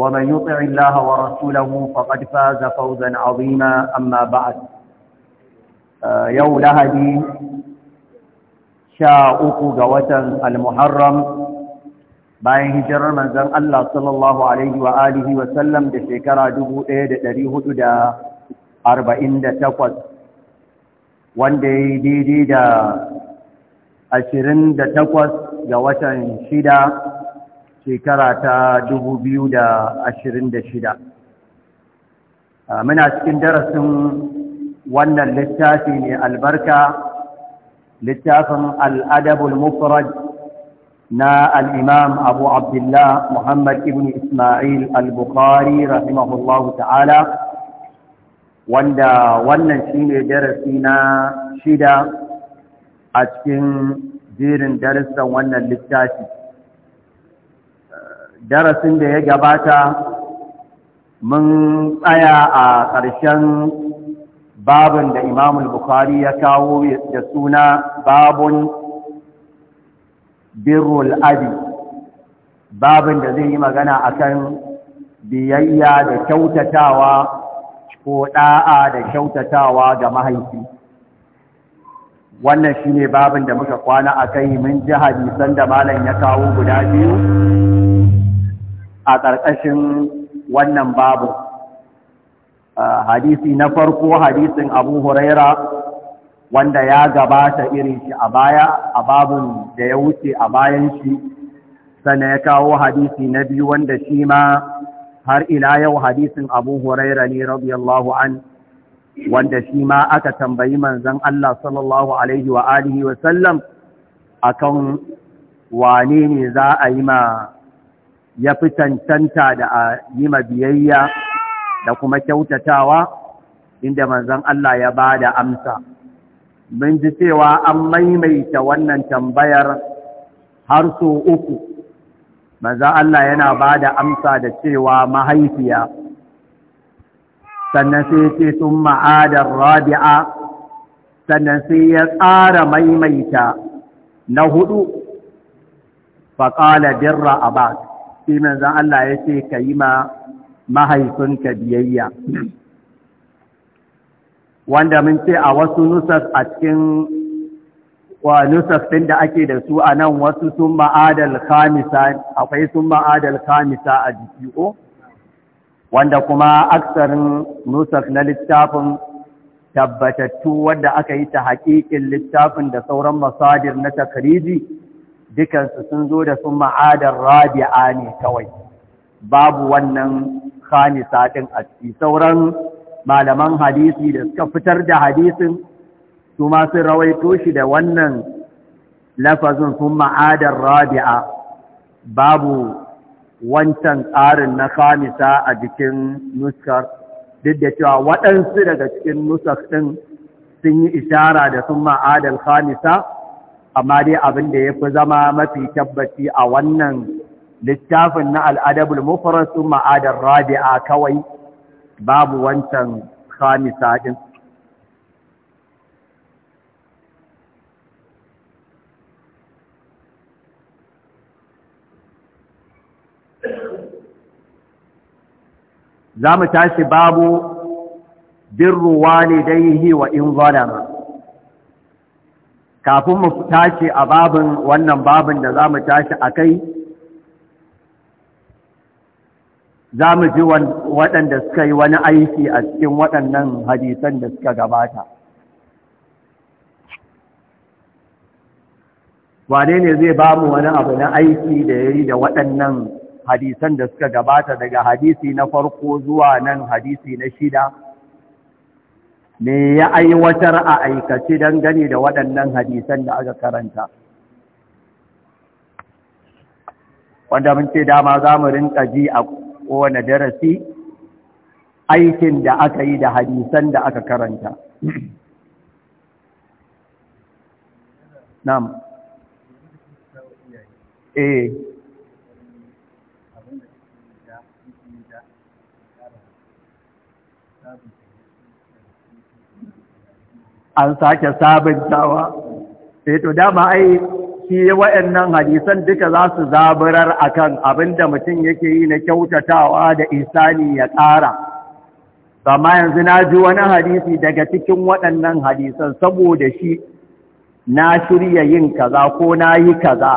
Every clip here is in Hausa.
ومن يطع الله ورسوله فقد فاز فوزا عظيما أما بعد يوم لهدي sha uku ga watan al-muharram bayan hijirar manzon Allah sallallahu alaihi wa alihi wa sallam da shekara 1448 wanda ya daidai da 28 ga watan shida shekara ta 2026 muna cikin darasin wannan littafi ne albarka littafin al'adabul mufraj na al'imam abu abdullah muhammad ibn ismail al-bukhari rahimahullahu ta'ala wanda wannan shi ne darasi na shida a cikin jerin darussan wannan littafi darasin da ya gabata mun tsaya a ƙarshen babin da imamul bukhari ya kawo da suna babun Birul abi babin da zai yi magana akan biyayya da kyautatawa ko ɗa'a da kyautatawa ga mahaifi wannan shine babin da muka kwana akai mun ji hadisan da malam ya kawo guda biyu a ƙarƙashin wannan babu hadisi na farko hadisin abu huraira wanda ya gabata irin shi a baya a babun da ya wuce a bayan shi sana ya kawo hadisi na biyu wanda shi ma har ila yau hadisin abu huraira ne radiyallahu an wanda shi ma aka tambayi manzon Allah sallallahu alaihi wa alihi akan wane ne za a yi ma ya fi cancanta da a yi mabiyayya da kuma kyautatawa inda manzon Allah ya ba da amsa. Mun ji cewa an maimaita wannan tambayar har so uku, manzon Allah yana ba da amsa da cewa mahaifiya, sannan sai ce sun ma'adar rabi'a, sannan sai ya tsara maimaita na hudu, faƙala birra a ba sai manzan Allah ya ce ka yi ma mahaifinka biyayya wanda mun ce a wasu nusas a cikin wa nusas ɗin da ake da su a nan wasu sun ma'adal khamisa akwai sun ma'adal khamisa a jiki ko wanda kuma aksarin nusas na littafin tabbatattu wadda aka yi ta haƙiƙin littafin da sauran masadir na takariji dukansu sun zo da sun ma'adar rabi'a ne kawai babu wannan khamisa din a ciki sauran malaman hadisi da suka fitar da hadisin su ma rawaito shi da wannan lafazin sun ma'adar rabi'a babu wancan tsarin na khamisa a jikin nuskar duk da cewa waɗansu daga cikin nusar ɗin sun yi ishara da sun ma'adar khamisa amma dai abin da ya fi zama mafi tabbaci a wannan littafin na al'adabul mufarasu ma'adar rabi'a kawai babu wancan khamisa sa’in. Za mu tashi babu bin ne dai wa in zalama. kafin mu tashi a babin wannan babin da za mu tashi a kai za mu ji waɗanda suka yi wani aiki a cikin waɗannan hadisan da suka gabata wane ne zai ba mu wani abu na aiki da ya yi da waɗannan hadisan da suka gabata daga hadisi na farko zuwa nan hadisi na shida me ya aiwatar a aikace gani da waɗannan hadisan da aka karanta wanda mun ce dama za mu rinka ji a kowane darasi aikin da aka yi da hadisan da aka karanta Nam. eh an sake sabuntawa sai eh, to dama ai shi wa'annan hadisan duka za su zaburar akan abinda mutum yake yi na kyautatawa da isani ya ƙara amma yanzu na ji wani hadisi daga cikin waɗannan hadisan saboda shi na shirya yin kaza ko na yi kaza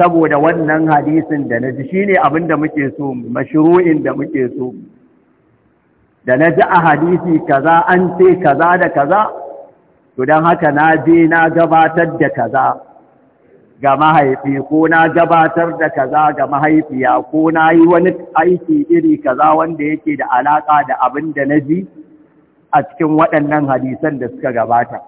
saboda wannan hadisin da na ji shi ne abinda muke so mashiru'in da muke so da na ji a hadisi kaza an ce kaza da kaza to don haka na je na gabatar da kaza ga mahaifi ko na gabatar da kaza ga mahaifiya ko na yi wani aiki iri kaza wanda yake da alaƙa da abin da na ji a cikin waɗannan hadisan da suka gabata.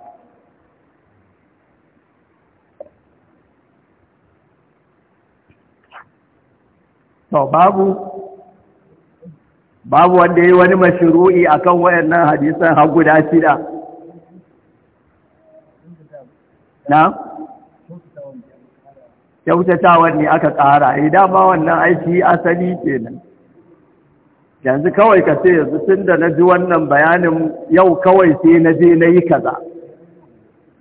To babu babu wanda yi wani mashiru'i kan wayannan hadisan har guda shida na ne aka ƙara idan eh, ma wannan aiki asali kenan yanzu kawai ka ce yanzu tun da na ji wannan bayanin yau kawai sai na je na yi kaza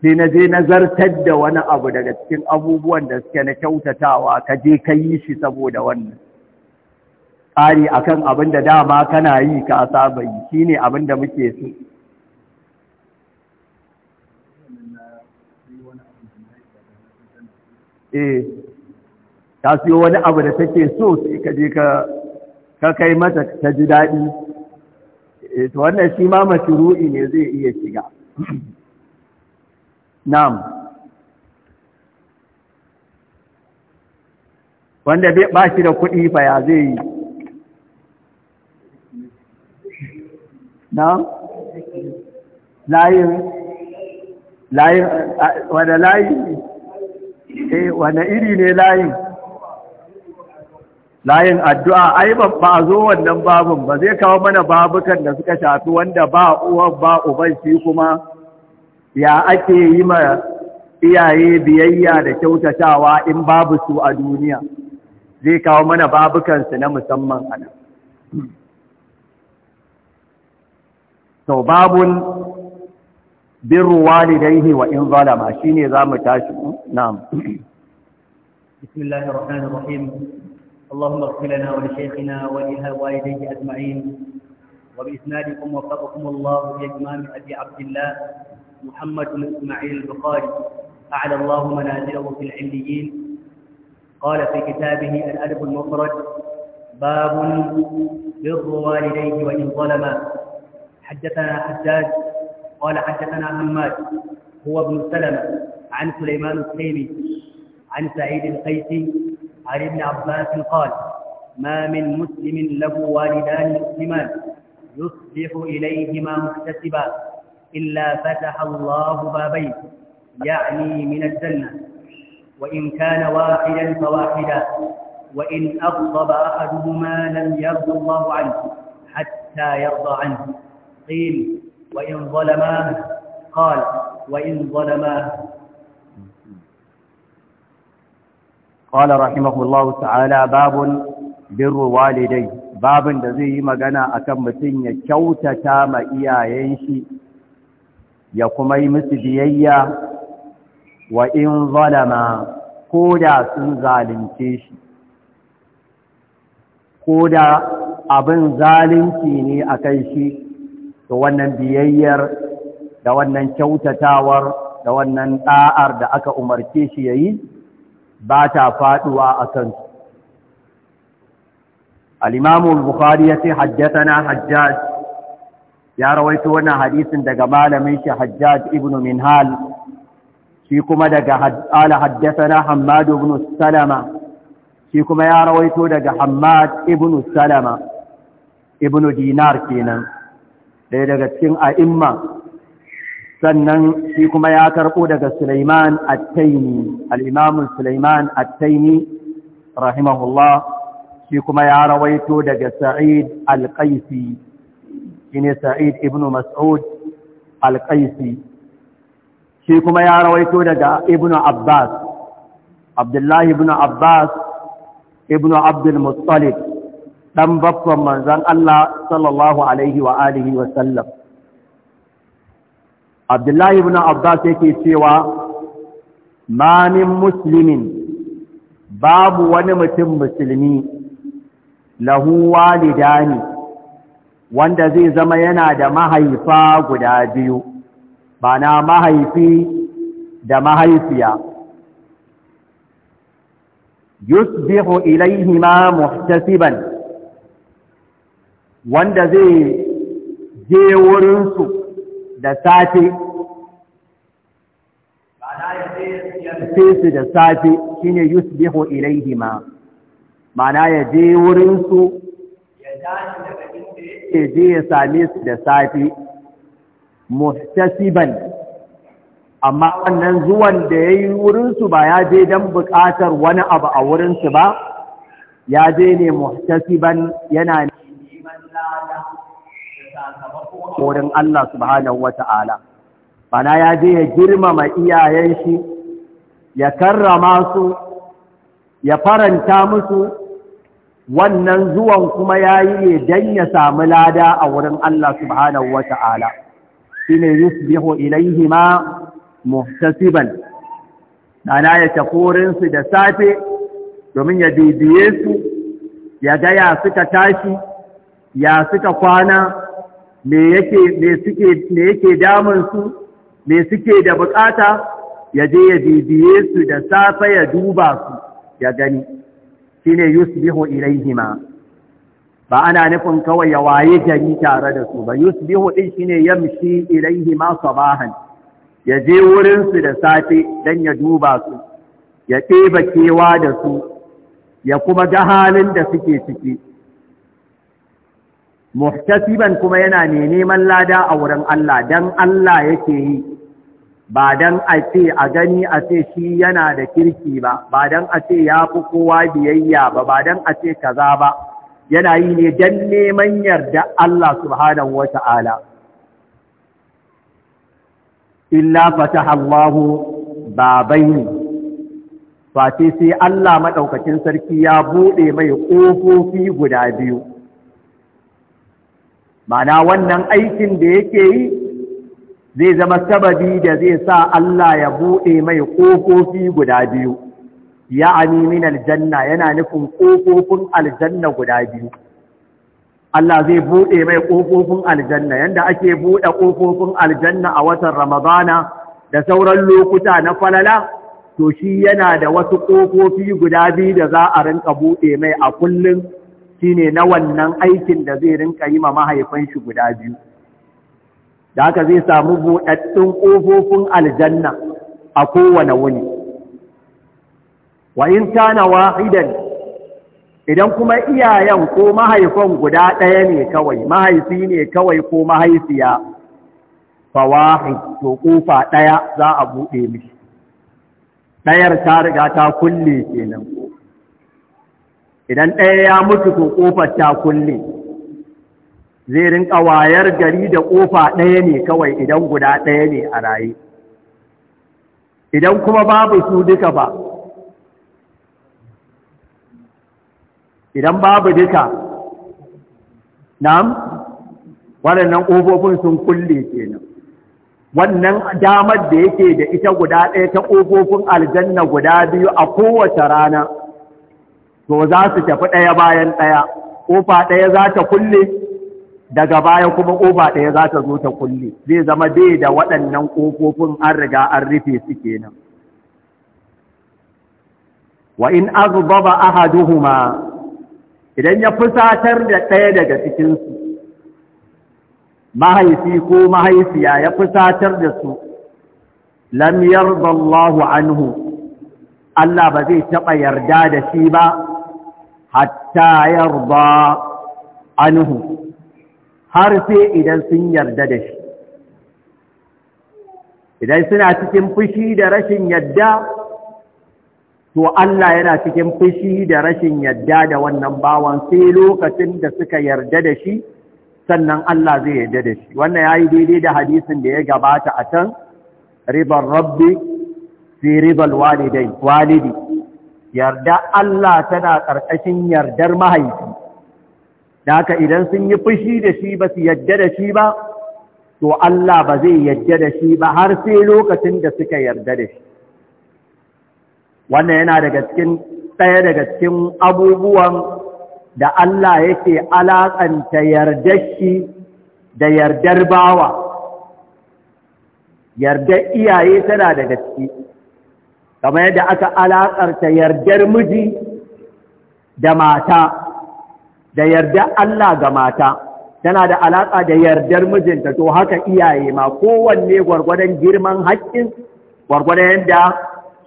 sai na je na zartar da wani abu daga cikin abubuwan da suke na kyautatawa ka je ka yi shi saboda wannan a akan abin da dama kana yi ka saba yi ne abin da muke so eh ta siyo wani abu da take so sai ka je ka kai mata ta ji daɗi eh to wannan shi ma ru'i ne zai iya shiga na'am wanda ba shi da kuɗi fa ya zai yi na layin layin uh, wane layi eh, wane iri ne layin layin addu'a ai ba a zo wannan babun ba zai kawo mana babukan da suka shafi wanda ba uwan ba uban shi kuma ya ake yi ma iyaye biyayya da kyautatawa in babu su a duniya zai kawo mana babukansu na musamman a nan to babun birru walidaihi wa in zalama shine zamu tashi na'am bismillahir rahmanir rahim اللهم اغفر لنا ولشيخنا ولوالديه اجمعين وباسنادكم وفقكم الله باجمام ابي عبد الله محمد بن اسماعيل البخاري اعلى الله منازله في العليين قال في كتابه الادب المفرد باب بر والديه وان ظلما حدثنا حجاج قال حدثنا حماد هو ابن سلمة عن سليمان التيمي عن سعيد القيسي عن ابن عباس قال ما من مسلم له والدان مسلمان يصبح إليهما محتسبا إلا فتح الله بابين يعني من الجنة وإن كان واحدا فواحدا وإن أغضب أحدهما لم يرضى الله عنه حتى يرضى عنه قيل وإن ظلماه قال وإن ظلماه قال رحمه الله تعالى باب بر والدي باب da zai yi magana akan mutum ya kyautata ma iyayen shi ya kuma yi musu biyayya wa in zalama koda sun zalunce shi koda abin zalunci ne akan shi to wannan biyayyar da wannan kyautatawar da wannan da'ar da aka umarce shi yayi ba ta faduwa akan al-imam al-bukhari ya tahaddathana hajjaj ya rawaito wannan hadisin daga malamin shi hajjaj ibnu minhal shi kuma daga ala hadathana hammad ibnu salama shi kuma ya rawaito daga hammad ibnu salama ibnu dinar kenan ɗaya daga cikin a'imma sannan shi kuma ya karɓo daga Sulaiman Attaini al-Imam Sulaiman Attaini rahimahullah shi kuma ya rawaito daga Sa'id al-Qaisi shine Sa'id ibn Mas'ud al-Qaisi shi kuma ya rawaito daga Ibn Abbas Abdullah ibn Abbas ibn Abdul Muttalib ɗan babban manzan Allah sallallahu Alaihi wa alihi wasallam. Abdullahi ibn Abbas yake cewa, Mamin musulmin babu wani mutum musulmi, lahu ne. wanda zai zama yana da mahaifa guda biyu, ba na mahaifi da mahaifiya. Yusbihu ilaihima muhtasiban. wanda zai je wurinsu da safe su da safe shine yusbihu ilaihima mana ya je wurinsu ya je ya same su da safe muhtasiban amma wannan zuwan da ya yi wurinsu ba ya je don buƙatar wani abu a wurinsu ba ya je ne muhtasiban yana wurin Allah subhanahu ta'ala. bana ya je ya girmama iyayen shi ya karrama su ya faranta musu wannan zuwan kuma yayi ne dan ya samu lada a wurin Allah subhanahu wata'ala shine yusbihu ma muhtasiban Bana ya tafi su da safe domin ya bibiye su ya gaya ya suka tashi ya suka kwana me yake me suke me su me suke da bukata ya je ya bibiye su da safe ya duba su ya gani shine yusbihu ilaihima ba ana nufin kawai ya waye gari tare da su ba yusbihu din shine yamshi ilaihima sabahan ya je wurinsu da safe dan ya duba su ya ɗeba kewa da su ya kuma ga halin da suke ciki muhtasiban kuma yana ne neman lada a wurin Allah dan Allah yake yi ba dan a ce a gani a ce shi yana da kirki ba ba dan a ce ya fi kowa biyayya ba ba dan a ce kaza ba yana yi ne dan neman yarda Allah subhanahu wata'ala illa fataha Allahu babaini face sai Allah maɗaukacin sarki ya buɗe mai kofofi guda biyu ma'ana wannan aikin da yake yi zai zama sababi da zai sa Allah ya buɗe mai ƙofofi guda biyu ya min aljanna yana nufin ƙofofin aljanna guda biyu Allah zai buɗe mai ƙofofin aljanna yanda ake buɗe ƙofofin aljanna a watan Ramadana da sauran lokuta na falala to shi yana da wasu ƙofofi guda biyu da za a rinka buɗe mai a kullum shine na wannan aikin da zai rinka yi ma mahaifan shi guda biyu da haka zai samu buɗaɗɗun ƙofofin aljanna a kowane wuni wa in kana wahidan idan kuma iyayen ko mahaifan guda ɗaya ne kawai mahaifi ne kawai ko mahaifiya fa wahid to ƙofa ɗaya za a buɗe mishi ɗayar ta riga ta kulle kenan idan ɗaya ya mutu ko ƙofar ta kulle zai rinƙa wayar gari da ƙofa ɗaya ne kawai idan guda ɗaya ne a raye idan kuma babu su duka ba idan babu duka nam waɗannan ƙofofin sun kulle kenan wannan damar da yake da ita guda ɗaya ta ƙofofin aljanna guda biyu a kowace rana to za su tafi ɗaya bayan ɗaya ƙofa ɗaya za ta kulle daga baya kuma ƙofa ɗaya za ta zo ta kulle zai zama bai da waɗannan ƙofofin an riga an rufe su kenan wa in azbaba ahaduhuma idan ya fusatar da ɗaya daga cikinsu mahaifi ko mahaifiya ya fusatar da su lam yarda Allahu anhu Allah ba zai taɓa yarda da shi ba hatta yarda anhu har sai idan sun yarda da shi idan suna cikin fushi da rashin yadda to Allah yana cikin fushi da rashin yadda da wannan bawan sai lokacin da suka yarda da shi sannan Allah zai yarda da shi wannan yayi daidai da hadisin da ya gabata a can ribar rabbi fi ribal walidai walidi yarda Allah tana ƙarƙashin yardar mahaifi da haka idan sun yi fushi da shi ba su yadda da shi ba to Allah ba zai yadda da shi ba har sai lokacin da suka yarda da shi wannan yana daga cikin ɗaya daga cikin abubuwan da Allah yake alaƙanta yarda shi da yardar bawa yardar iyaye tana daga ciki kamar yadda aka alaƙarta yardar miji da mata da yardar Allah ga mata tana da alaƙa da yardar mijinta to haka iyaye ma kowanne gwargwadon girman haƙƙin gwargwadon yadda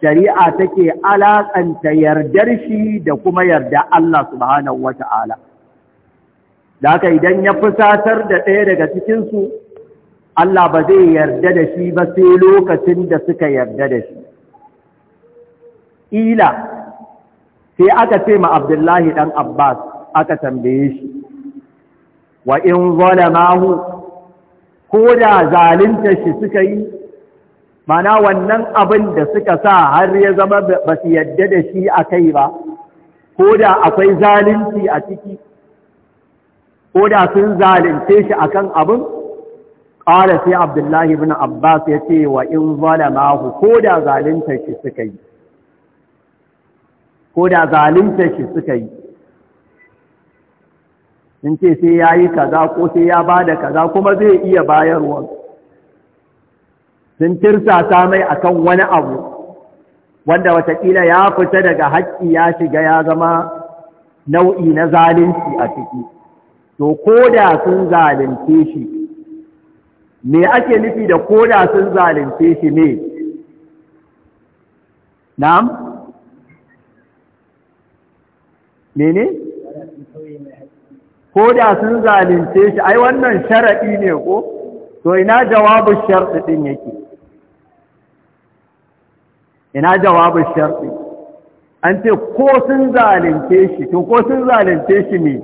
shari'a take alaƙanta yardar shi da kuma yarda Allah subhanahu wata'ala da haka idan ya fusatar da ɗaya daga cikinsu Allah ba zai yarda da shi ba sai lokacin da suka yarda da shi ƙila sai aka ce ma abdullahi ɗan abbas aka tambaye shi wa in zalamahu ko da zalunta shi suka yi mana wannan abin da suka sa har ya zama ba su yadda da shi a kai ba ko da akwai zalunci a ciki ko da sun zalunce shi akan abin ƙara sai abdullahi bin abbas ya ce wa in zalamahu ko da zalunta shi suka yi ko da zalunta shi suka yi sun ce sai ya yi kaza ko sai ya ba da kaza kuma zai iya bayarwa sun tirsasa mai akan wani abu wanda watakila ya fita daga haƙƙi ya shiga ya zama nau'i na zalunci a ciki to ko da sun zalunce shi me ake nufi da ko da sun zalunce shi ne na'am mene ko da sun zalunce shi ai wannan sharaɗi ne ko to ina jawabin sharɗi ɗin yake ina jawabin sharɗi an ce ko sun zalunce shi to ko sun zalunce shi ne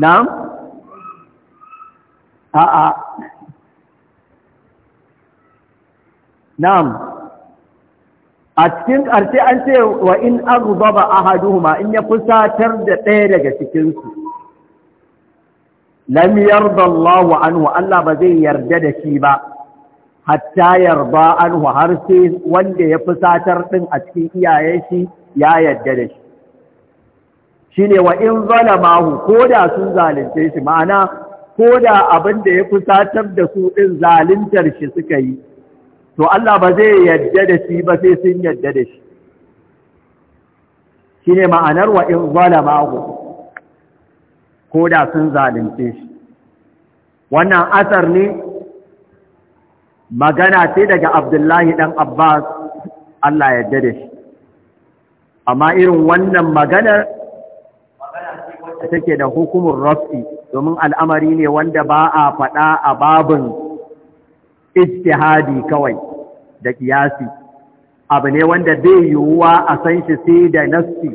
Nam? a'a Nam. a cikin ƙarshe an ce wa in ba aghdaba ahaduhuma in ya fusatar da ɗaya daga cikinsu. su lam yarda Allah anhu Allah ba zai yarda da shi ba hatta yarda anhu har sai wanda ya fusatar ɗin a cikin iyaye shi ya yarda da shi shine wa in zalamahu da sun zalunce shi ma'ana koda abin da ya fusatar da su din zaluntar shi suka yi to Allah ba zai yadda da shi ba sai sun yadda da shi shi ne ma'anar wa in zalama ko da sun zalunce shi wannan asar ne magana ce daga abdullahi ɗan abbas Allah yadda da shi amma irin wannan maganar magana ta take da hukumin rafi domin al'amari ne wanda ba a faɗa a babin ijtihadi kawai da kiyasi abu ne wanda zai yiwuwa a san shi sai da nassi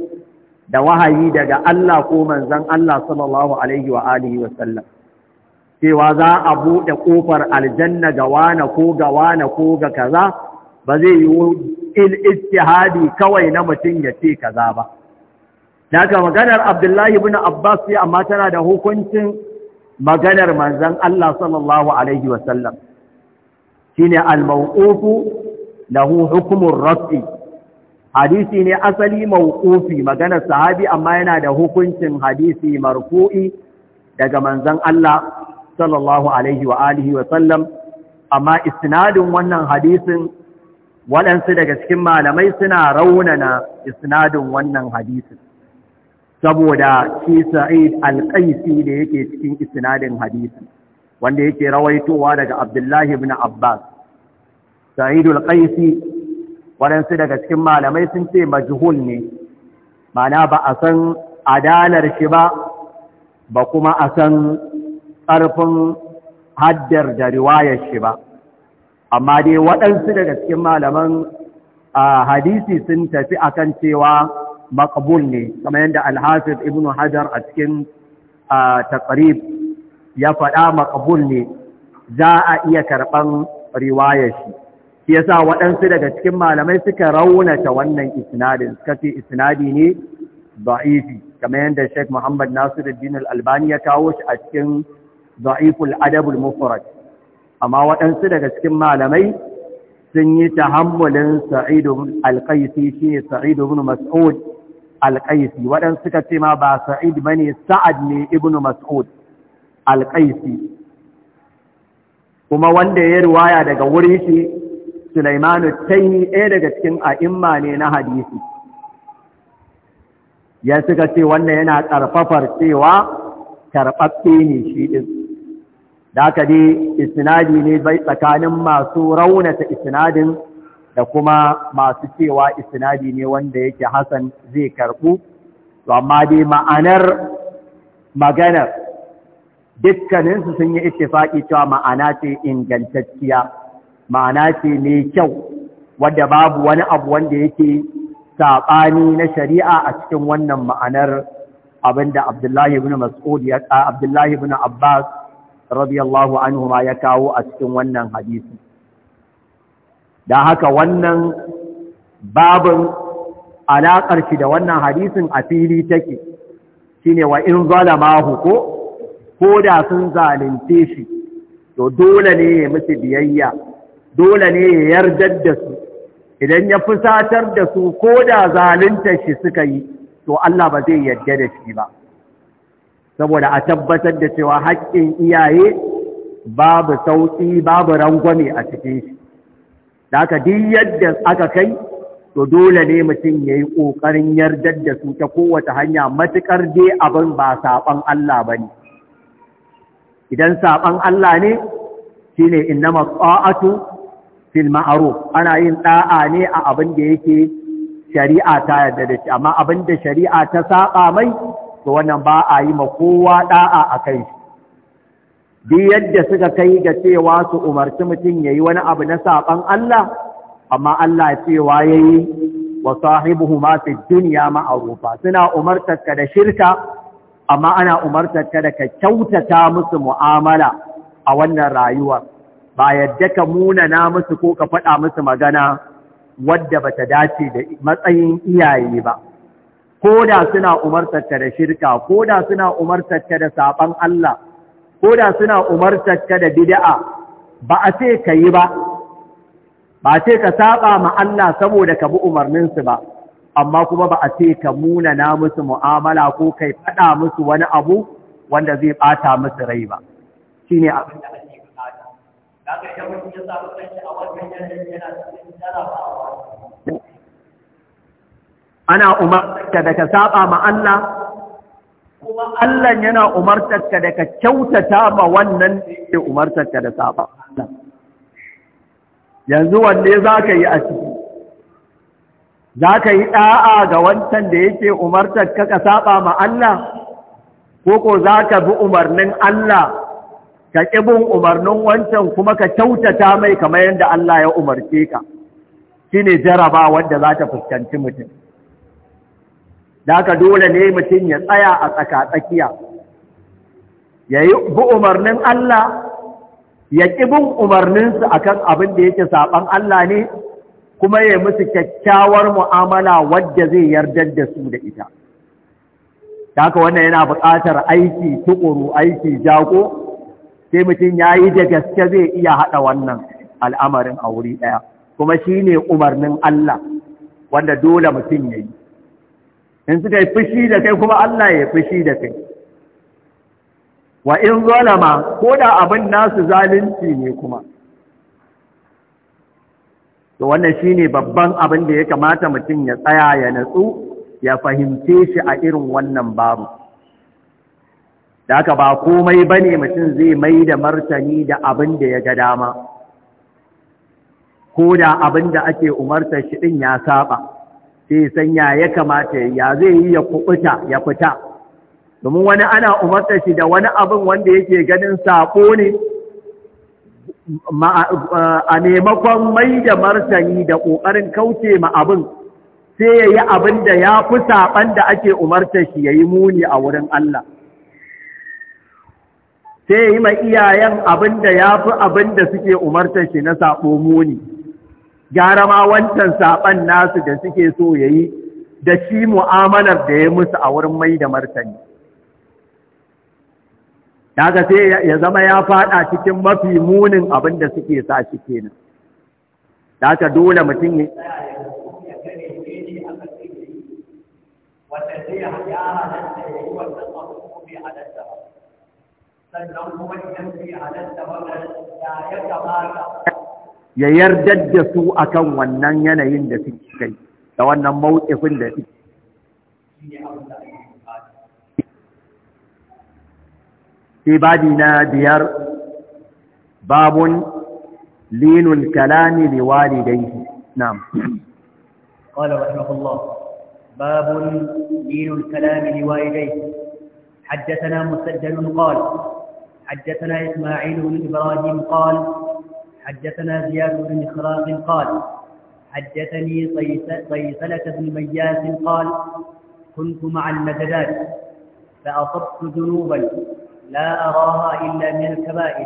da wahayi daga Allah ko manzon Allah sallallahu alaihi wa alihi wa sallam cewa za a buɗe ƙofar aljanna ga wana ko ga wana ko ga kaza ba zai yiwu il ijtihadi kawai na mutum ya ce kaza ba daga maganar Abdullahi ibn Abbas sai amma tana da hukuncin maganar manzon Allah sallallahu alaihi wa sallam shine al-mawqufu lahu hukumur rafi hadisi ne asali mawqufi maganar sahabi amma yana da hukuncin hadisi marfu'i daga manzon Allah sallallahu alaihi wa alihi wa sallam amma isnadin wannan hadisin waɗansu daga cikin malamai suna raunana isnadin wannan hadisin saboda shi sa'id alƙaisi da yake cikin isnadin hadisin wanda yake rawaitowa daga Abdullahi ibn Abbas Sa'idul Qaisi waɗansu daga cikin malamai sun ce majhul ne mana ba a san adalar shi ba ba kuma a san ƙarfin haddar da riwayar shi ba amma dai waɗansu daga cikin malaman hadisi sun tafi akan cewa makabul ne kamar yadda alhafiz ibn hajar a cikin taqrib ya faɗa makabul ne za a iya karɓan riwayar shi shi yasa waɗansu daga cikin malamai suka raunata wannan isnadin suka ce isnadi ne da'ifi kamar yadda Sheikh Muhammad Nasiruddin Al-Albani ya kawo shi a cikin da'iful adabul mufrad amma waɗansu daga cikin malamai sun yi tahammulin Sa'id ibn Al-Qaisi shine Sa'id ibn Mas'ud Al-Qaisi waɗansu suka ce ma ba Sa'id bane Sa'ad ne ibn Mas'ud alƙaisi kuma wanda ya riwaya daga wuri shi sulaimanu taimi ɗaya daga cikin a'imma ne na hadisi ya suka ce wannan yana ƙarfafar cewa karɓaɓɓe ne shi ɗin da aka dai isnadi ne bai tsakanin masu raunata isnadin da kuma masu cewa isnadi ne wanda yake Hassan zai karɓu to amma dai ma'anar maganar dukkaninsu sun yi ittifaki cewa ma'ana ce ingantacciya ma'ana ce mai kyau wadda babu wani abu wanda yake saɓani na shari'a a cikin wannan ma'anar abinda Abdullahi ibn Mas'ud ya Abdullahi ibn Abbas radiyallahu anhu ma ya kawo a cikin wannan hadisi da haka wannan babin alaƙar shi da wannan hadisin a fili take shine wa in zalamahu ko ko da sun zalunce shi to dole ne ya musu biyayya dole ne ya yardar da su idan ya fusatar da su ko da zalunta shi suka yi to Allah ba zai yarda da shi ba saboda a tabbatar da cewa haƙƙin iyaye babu sauƙi babu rangwame a cikin shi da aka duk yadda aka kai to dole ne mutum ya yi ƙoƙarin yardar da su ta kowace hanya matuƙar dai abin ba saɓon Allah ba ne idan saban Allah ne shine innama ta'atu fil ma'ruf ana yin ɗa'a ne a abin da yake shari'a ta yarda da shi amma abin da shari'a ta saba mai to wannan ba a yi ma kowa da'a a shi duk yadda suka kai ga cewa su umarci mutum yayi wani abu na saban Allah amma Allah cewa yayi wa sahibuhuma fid dunya ma'rufa suna umartar ka da shirka amma ana umartar ka da ka kyautata musu mu'amala a wannan rayuwar ba yadda ka muna na musu ko ka faɗa musu magana wadda ba ta dace da matsayin iyaye ba ko da suna umartar ka da shirka ko da suna umartar ka da saɓan Allah ko da suna umartar ka da bid'a ba a ce ka yi ba ba ce ka saba ma Allah saboda ka bi umarninsu ba amma kuma ba a ce ka muna na musu mu'amala ko kai faɗa musu wani abu wanda zai ɓata musu rai ba shi ne abin da ake bukata daga yawancin ya samu a wannan yanayin yana cikin jarabawa ana umarta da ka saba ma Allah kuma Allah yana ka da ka kyautata ma wannan da ka da saba yanzu wanne za ka yi a ciki za ka yi ɗa'a ga wancan da yake umartar ka ka saba ma Allah ko ko za ka bi umarnin Allah ka ƙibin umarnin wancan kuma ka kyautata mai kamar yadda Allah ya umarce ka shi ne jaraba wadda za ta fuskanci mutum Za ka dole ne mutum ya tsaya a tsaka-tsakiya ya yi bi umarnin Allah ya ƙibin umarninsu akan abin da yake saɓan Allah ne kuma ya musu kyakkyawar mu'amala wadda zai yarda da su da ita ta haka wannan yana buƙatar aiki tukuru aiki jago sai mutum ya yi da gaske zai iya haɗa wannan al'amarin a wuri ɗaya kuma shi ne umarnin Allah wanda dole mutum ya yi in suka yi fushi da kai kuma Allah ya fushi da kai wa in zolama ko da abin nasu zalunci ne kuma to wannan shi ne babban abin da ya kamata mutum ya tsaya ya natsu ya fahimce shi a irin wannan babu da aka ba komai ba ne mutum zai mai da martani da abin da ya ga dama ko da abin da ake umarta shi din ya saba sai sanya ya kamata ya zai yi ya kuɓuta ya fita domin wani ana umarta shi da wani abin wanda yake ganin saƙo ne a maimakon mai da martani da ƙoƙarin kauce ma abin sai ya yi abin da ya fi saɓan da ake umarta shi ya yi muni a wurin Allah sai ya yi ma iyayen abin da ya fi abin da suke umarta shi na saɓo muni gyara ma wancan saɓan nasu da suke so ya yi da shi mu'amalar da ya musu a wurin mai da martani daga sai ya zama ya fada cikin mafi munin abin da suke sa shi kenan daga dole mutum ya ya yarda da su akan wannan yanayin da suke kai da wannan mawukifin da suke في بادنا ديار باب لين الكلام لوالديه نعم قال رحمه الله باب لين الكلام لوالديه حدثنا مسجد قال حدثنا إسماعيل بن إبراهيم قال حدثنا زياد بن إخراق قال حدثني صيصلة بن مياس قال كنت مع المددات فأصبت ذنوبا لا أراها إلا من الكبائر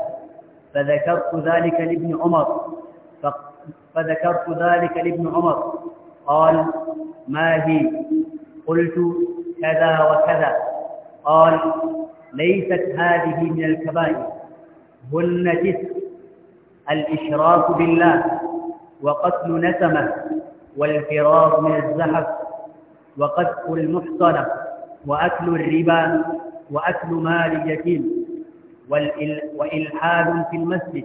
فذكرت ذلك لابن عمر فذكرت ذلك لابن عمر قال ما هي قلت كذا وكذا قال ليست هذه من الكبائر هن تسع الإشراك بالله وقتل نسمة والفرار من الزحف وقذف المحصنة وأكل الربا وأكل مال اليتيم وإلحاد في المسجد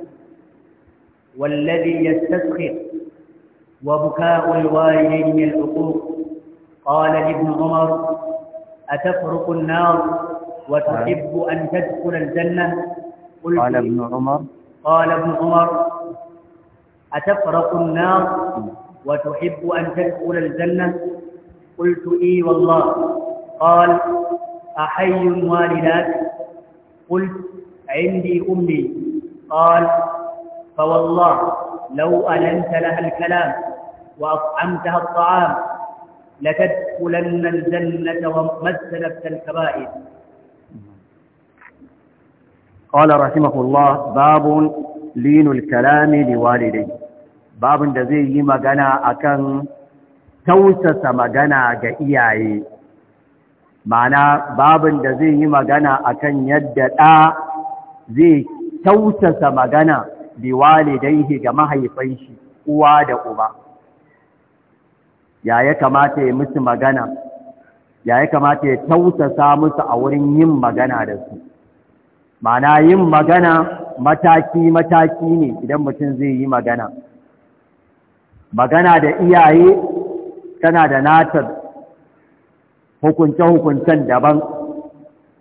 والذي يستسخر وبكاء الوالدين من العقوق قال لابن عمر أتفرق النار وتحب أن تدخل الجنة قلت قال ابن عمر قال ابن عمر أتفرق النار وتحب أن تدخل الجنة قلت إي والله قال أحي والدات قلت عندي أمي قال فوالله لو ألنت لها الكلام وأطعمتها الطعام لتدخلن الجنة وما اجتنبت الكبائر قال رحمه الله باب لين الكلام لوالدي باب da zai yi توسس akan tausasa ma'ana babin da zai yi magana akan yadda ɗa zai tausasa magana bi walidaihi ga mahaifan shi uwa da uba ya ya kamata ya musu magana ya ya kamata ya tausasa musu a wurin yin magana da su ma'ana yin magana mataki-mataki ne idan mutum zai yi magana magana da iyaye tana da nata hukunce-hukuncen daban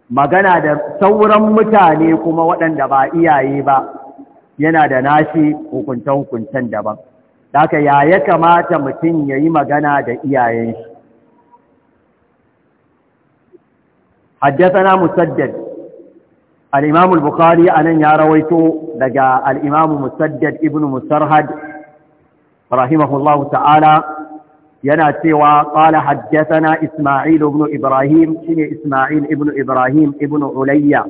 magana da sauran mutane kuma waɗanda ba iyaye ba yana da nashi hukunce-hukuncen daban haka ya ya kamata mutum ya yi magana da iyayen shi حدثنا مسدد Bukhari a nan ya rawaito daga مسدد musaddad Ibn Musarhad rahimahullahu ta'ala ينسوا قال حدثنا إسماعيل بن إبراهيم شني إسماعيل ابن إبراهيم ابن عليا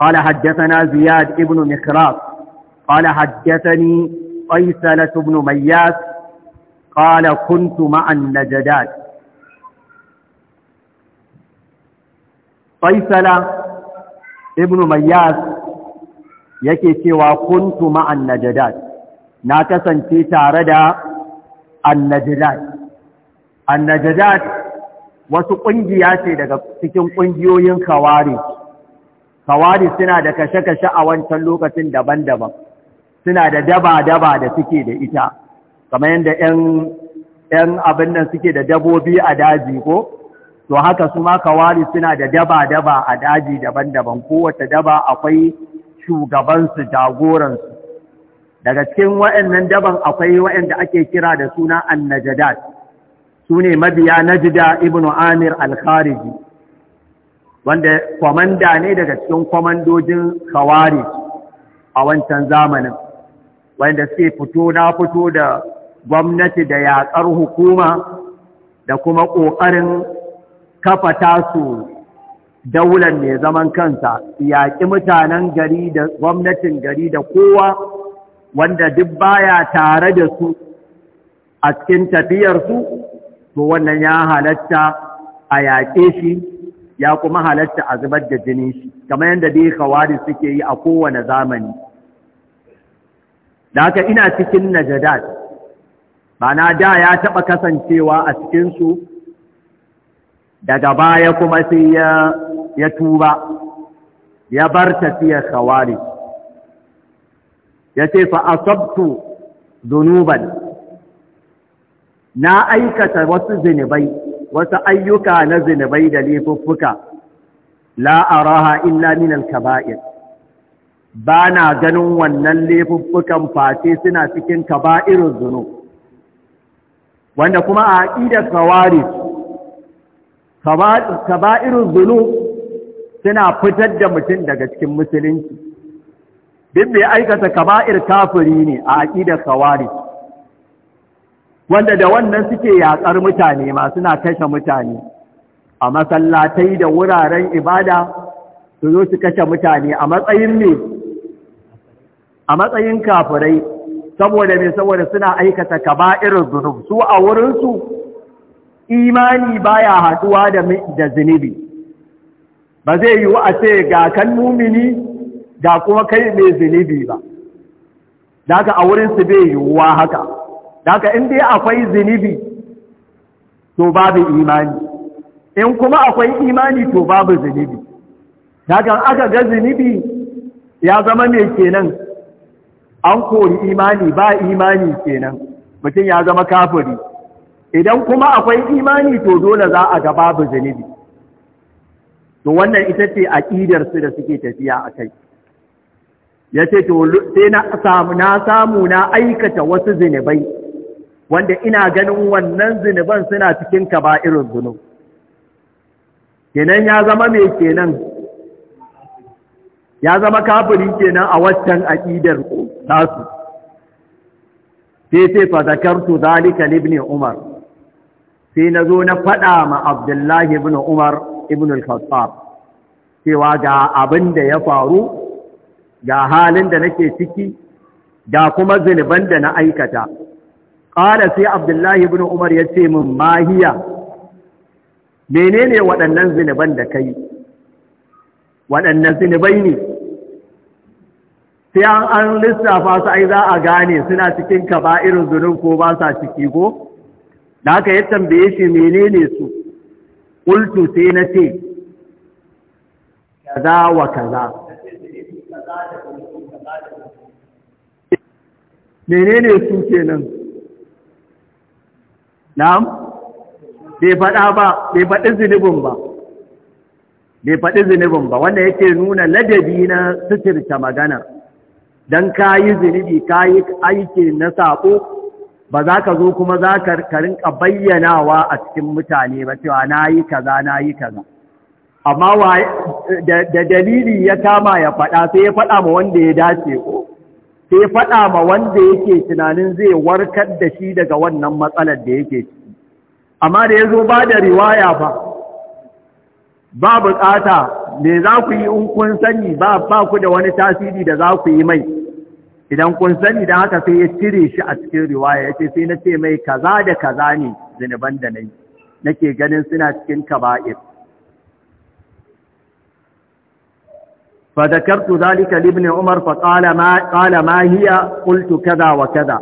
قال حدثنا زياد ابن مخراط قال حدثني قيسلة بن مياس قال كنت مع النجدات قيسلة ابن مياس يكي سوى كنت مع النجدات ناكسا تي تاردا annajadat annajadat wasu ƙungiya ce daga cikin ƙungiyoyin kawari kawari suna da kashe-kashe a wancan lokacin daban-daban suna da daba-daba da suke da ita kamar yadda 'yan abin nan suke da dabobi a daji ko to haka su ma kawari suna da daba-daba a daji daban-daban kowace daba akwai shugabansu jagoransu daga cikin wa'annan daban akwai wayanda ake kira da suna annajadat su ne mabiya najida ibn amir al-khariji wanda kwamanda ne daga cikin kwamandojin khawarij a wancan zamanin wanda suke fito na fito da gwamnati da yaƙar hukuma da kuma ƙoƙarin kafa tasu daular mai zaman kansa yaƙi mutanen gari da gwamnatin gari da kowa wanda duk baya tare da su a cikin su, to wannan ya halatta a yaƙe shi ya kuma halatta a zubar da jini shi kamar yadda dai kawari suke yi a kowane zamani da haka ina cikin najadat ba na da ya taɓa kasancewa a cikinsu daga baya kuma sai ya tuba ya bar tafiyar kawari ya ce fa asabtu zunuban na aikata wasu zinubai wasu ayyuka na zinubai da laifuffuka la'araha illa min al ba na ganin wannan laifuffukan face suna cikin kaba'irin zunub wanda kuma a aƙida kawari kaba'irin zunub suna fitar da mutum daga cikin musulunci duk mai aikata kaba'ir kafiri ne a aƙidar kawari wanda da wannan suke yaƙar mutane ma suna kashe mutane a masallatai da wuraren ibada su zo su kashe mutane a matsayin ne a matsayin kafirai saboda mai saboda suna aikata kaba'ir zunub su a wurinsu imani baya haɗuwa da zunubi ba zai yiwu a ce ga kan mumini ga kuma kai mai zunubi ba da haka a wurin bai yiwuwa haka da haka in dai akwai zunubi to babu imani in kuma akwai imani to babu zunubi da haka aka ga zinibi ya zama mai kenan an kori imani ba imani kenan mutum ya zama kafiri idan kuma akwai imani to dole za a ga babu zunubi to wannan ita ce aƙidarsu da suke tafiya a kai ya ce to sai na samu na aikata wasu zinubai wanda ina ganin wannan zinuban suna cikin kaba'irul zunub kenan ya zama mai kenan ya zama kafiri kenan a waccan aqidar tasu sai sai fa zakartu zalika ibn umar sai na zo na faɗa ma abdullahi ibn umar ibn al-khattab cewa ga abin da ya faru ga halin da nake ciki ga kuma zunuban da na aikata ƙala sai abdullahi ibn umar ya ce min mahiya menene waɗannan zunuban da kai waɗannan zunubai ne sai an an lissafa su ai za a gane suna cikin kaba'irin zunub ko ba sa ciki ko da aka ya tambaye shi menene su ƙultu sai na ce kaza wa kaza menene su nan? na'am bai faɗa ba bai faɗi zunubin ba bai faɗi zunubin ba wanda yake nuna ladabi na sitirta magana don ka yi zunubi ka yi aiki na saƙo ba za ka zo kuma za ka rinka bayyanawa a cikin mutane ba cewa na yi kaza na yi kaza amma da dalili ya kama ya faɗa sai ya faɗa ma wanda ya dace ko sai ya faɗa ma wanda yake tunanin zai warkar da shi daga wannan matsalar da yake ciki amma da ya zo ba da riwaya ba ba buƙata me za ku yi in kun sani ba ba ku da wani tasiri da za ku yi mai idan kun sani da haka sai ya cire shi a cikin riwaya ya ce sai na ce mai kaza da kaza ne zunuban da na nake ganin suna cikin kaba'ir فذكرت ذلك لابن عمر فقال ما, قال ما هي قلت كذا وكذا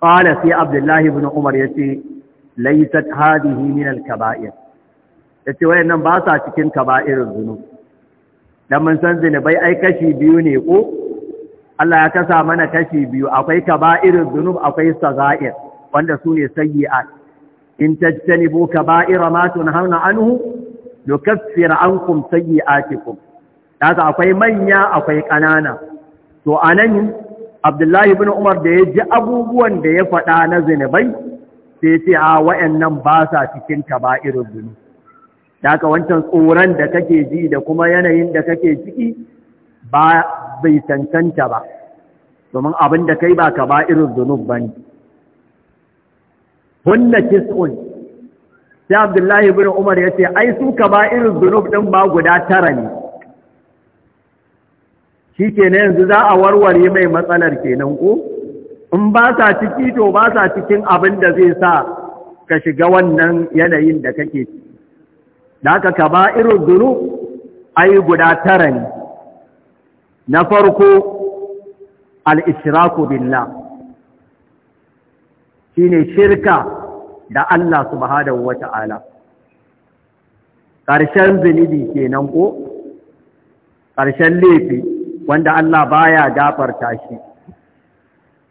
قال في عبد الله بن عمر يتي ليست هذه من الكبائر yace wayannan ba sa cikin kaba'irin zunub dan mun san bai ai kashi biyu ne ko Allah ya kasa mana kashi biyu akwai kaba'irin zunub akwai sagha'ir wanda sune sayyi'at in tajtanibu kaba'ira ma tunhauna anhu nukaffir ankum sayyi'atikum haka akwai manya akwai ƙanana to a nan abdullahi bin umar da ya ji abubuwan da ya faɗa na zinubai sai ce a wayannan ba sa cikin kaba'irul zunub da ka wancan tsoron da kake ji da kuma yanayin da kake ciki ba bai cancanta ba domin abin da kai ba irin zunub ne. hunna kisun sai abdullahi bin umar ya ce ai su irin zunub din ba guda tara ne shi kenan yanzu za a warware mai matsalar kenan ko in ba sa ciki to ba sa cikin abin da zai sa ka shiga wannan yanayin da kake ci da aka ka ba irin duru ai guda tara ne na farko al'ishiraku billah shi ne shirka da Allah subhanahu wa ta'ala ƙarshen zunubi kenan ko ƙarshen laifi wanda Allah baya gafarta shi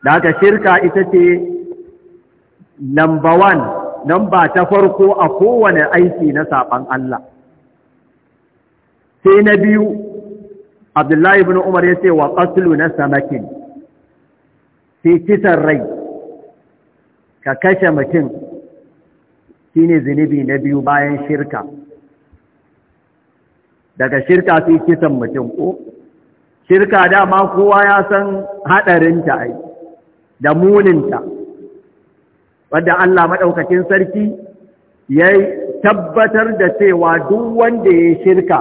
Daga shirka ita ce number one number ta farko a kowane aiki na saɓan Allah sai na biyu abdullahi bin umar ya ce wa qatlu na samakin sai kisan rai ka kashe mutum shine zinibi na biyu bayan shirka daga shirka sai kisan mutum ko shirka dama kowa ya san haɗarinta ai da muninta wadda Allah maɗaukakin sarki ya tabbatar da cewa duk wanda ya shirka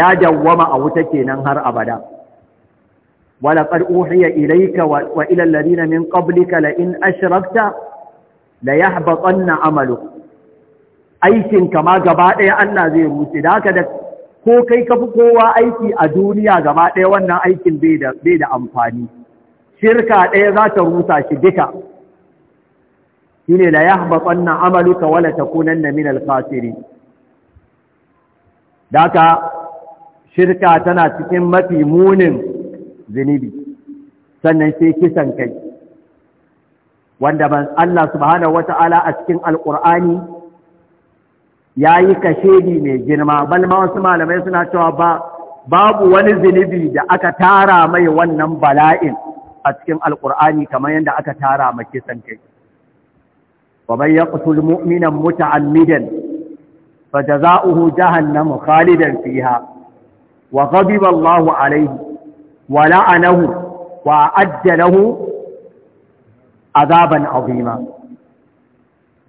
ya dawwama a wuta kenan har abada wala qad uhiya ilayka wa ila alladhina min qablika la in ashrakta la yahbatanna amalu aikin kama gaba ɗaya Allah zai rufe da haka da ko kai kafi kowa aiki a duniya gaba ɗaya wannan aikin bai da amfani shirka ɗaya za ta rusa shi duka shi ne la yahbatanna amaluka wala na min alfasiri daka shirka tana cikin mafi munin zinibi, sannan sai kisan kai wanda ban Allah subhanahu wata'ala a cikin Alƙur'ani. ya yi kashedi mai girma balma wasu malamai suna cewa babu wani zunubi da aka tara mai wannan bala'in a cikin alkur'ani kamar yadda aka tara ma san kai babban ya kusur mu'minan muta'ammidan fa jaza'uhu jahannamu khalidan fiha wa ghadiba Allahu alayhi wa la'anahu wa ajjalahu azaban azima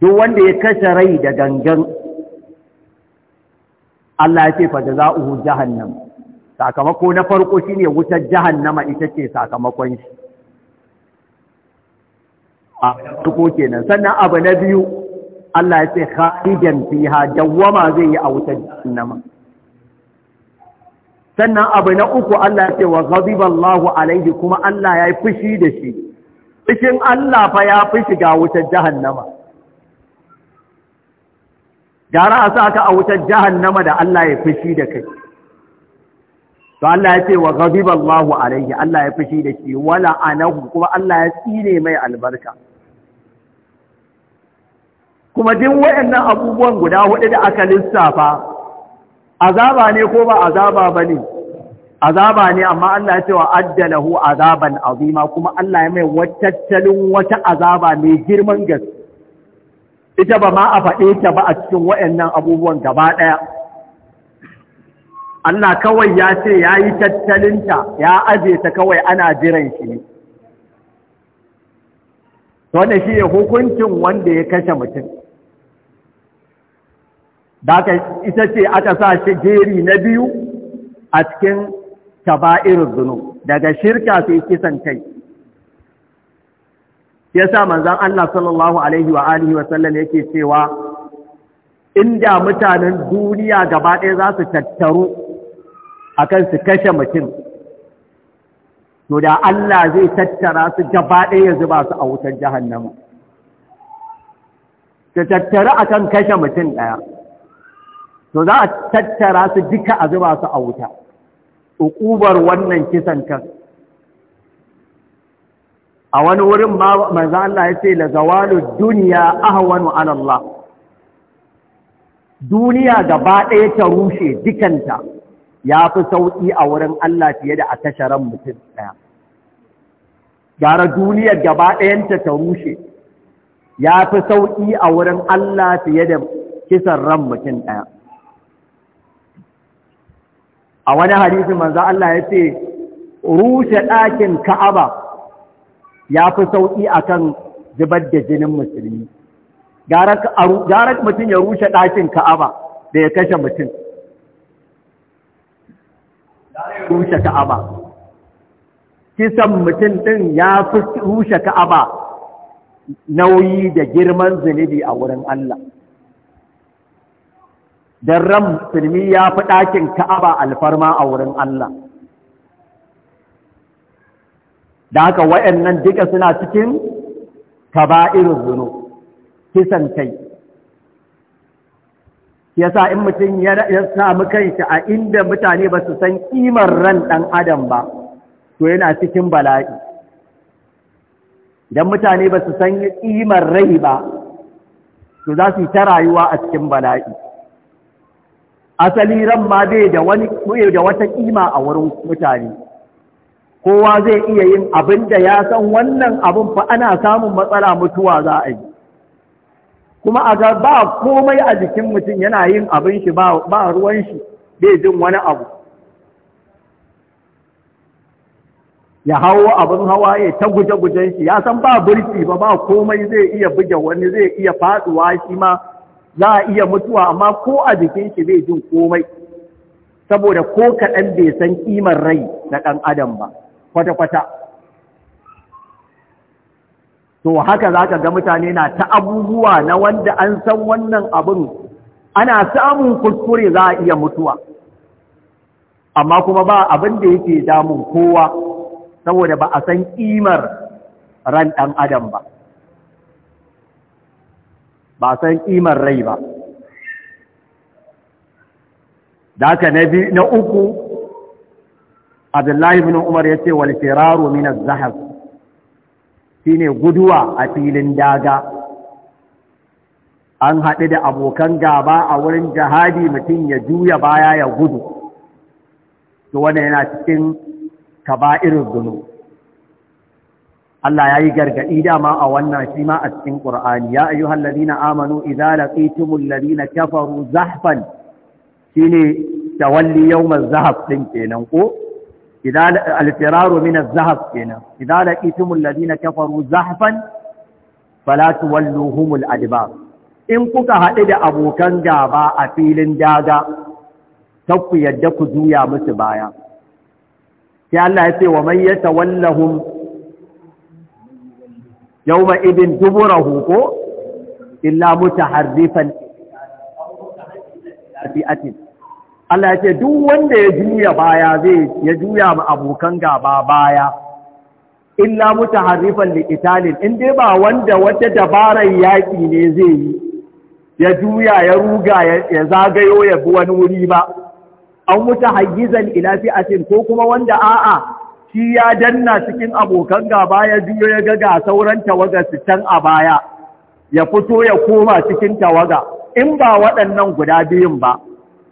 duk wanda ya kashe rai da gangan Allah ya ce fa jaza'uhu jahannam sakamako na farko shine wutar jahannama ita ce sakamakon shi a tuko kenan sannan abu na biyu Allah ya ce khalidan fiha dawwama zai yi a wutar jahannama sannan abu na uku Allah ya ce wa ghadiba Allahu alaihi kuma Allah ya yi fushi da shi cikin Allah fa ya fi shiga wutar jahannama gara a sa ka a wutar jahannama da Allah ya fushi da kai to Allah ya ce wa ghadiba Allahu alaihi Allah ya fushi da shi wala anahu kuma Allah ya tsine mai albarka kuma din wayannan abubuwan guda hudu da aka lissafa azaba ne ko ba azaba bane azaba ne amma Allah ya ce wa addalahu azaban azima kuma Allah ya mai wattattalin wata azaba mai girman gaske ita ba ma a faɗe ta ba a cikin waɗannan abubuwan gaba ɗaya Allah kawai ya ce ya yi tattalinta ya aje ta kawai ana jiran shi ne Tone shi ya hukuncin wanda ya kashe mutum da ita ce aka sa shi jeri na biyu a cikin tabair zunu daga shirka sai kisan kai yasa manzan Allah sallallahu alaihi wa alihi wa sallam yake cewa inda mutanen duniya gaba ɗaya za su tattaru akan su kashe mutum to da Allah zai tattara su gaba ɗaya ya zuba su a wutar jahannama ta tattara akan kashe mutum ɗaya to za a tattara su duka a zuba su a wuta uƙubar wannan kisan kan a wani wurin ma manzo Allah ya ce la zawalu dunya ahwanu ala Allah duniya gaba ɗaya ta rushe dukanta ya fi sauƙi a wurin Allah fiye da a mutum ɗaya gara duniyar gaba ɗayanta ta rushe ya fi sauƙi a wurin Allah fiye da kisan ran mutum ɗaya a wani hadisi manzo Allah ya ce rushe ɗakin Ka'aba ya fi sauƙi a kan zubar da jinin musulmi gara mutum ya rushe ɗakin ka'aba da ya kashe mutum rushe ka'aba kisan mutum ɗin ya fi rushe ka'aba nauyi da girman zunubi a wurin Allah don ran musulmi ya fi ɗakin ka'aba alfarma a wurin Allah da haka waɗannan duka suna cikin irin zuno kisan kai Ya sa in mutum ya samu shi a inda mutane ba su san kimar ran ɗan adam ba to yana cikin bala'i idan mutane ba su san kimar rai ba to za su yi ta rayuwa a cikin bala'i asali ran ma bai da wata ƙima a wurin mutane kowa zai iya yin abin da ya san wannan abin fa ana samun matsala mutuwa za a yi kuma a ga ba komai a jikin mutum yana yin abin shi ba ruwan shi bai jin wani abu ya hawo abin hawa ya ta guje-gujen shi ya san ba burki ba ba komai zai iya buge wani zai iya faduwa shi ma za a iya mutuwa amma ko a jikin shi bai jin komai saboda ko kaɗan bai san ƙimar rai na ɗan adam ba kwata-kwata to haka za ka ga mutane na ta abubuwa na wanda an san wannan abin ana samun kuskure za a iya mutuwa amma kuma ba abin da yake damun kowa saboda ba a san ƙimar ran ɗan adam ba ba a san ƙimar rai ba da na uku abdullahi ibn umar ya ce wal firaru min az-zahab shine guduwa a filin daga an haɗu da abokan gaba a wurin jihadi mutum ya juya baya ya gudu to wannan yana cikin kaba'irin zunu Allah ya yi gargaɗi dama a wannan shi ma a cikin ƙur'ani ya ayyuhal ladina amanu idza laqitumul ladina kafaru zahfan shine tawalli yawmaz zahab din kenan ko idan alfiraru min az-zahf kenan idan laqitumul ladina kafaru zahfan fala tuwalluhumul adbar in kuka haɗu da abokan gaba a filin daga ta ku yadda ku juya musu baya sai Allah ya ce wa man yatawallahum yawma idin duburahu ko illa mutaharrifan fi atin Allah ce duk wanda ya juya baya zai ya juya ma abokan gaba baya illa mutaharrifan liqitalin in dai ba wanda wata dabarar yaki ne zai yi ya juya ya ruga ya zagayo ya bi wani wuri ba an mutahayyizan ila fi'atin ko kuma wanda a'a shi ya danna cikin abokan gaba ya juyo ya ga ga sauran tawaga su can a baya ya fito ya koma cikin tawaga in ba waɗannan guda biyun ba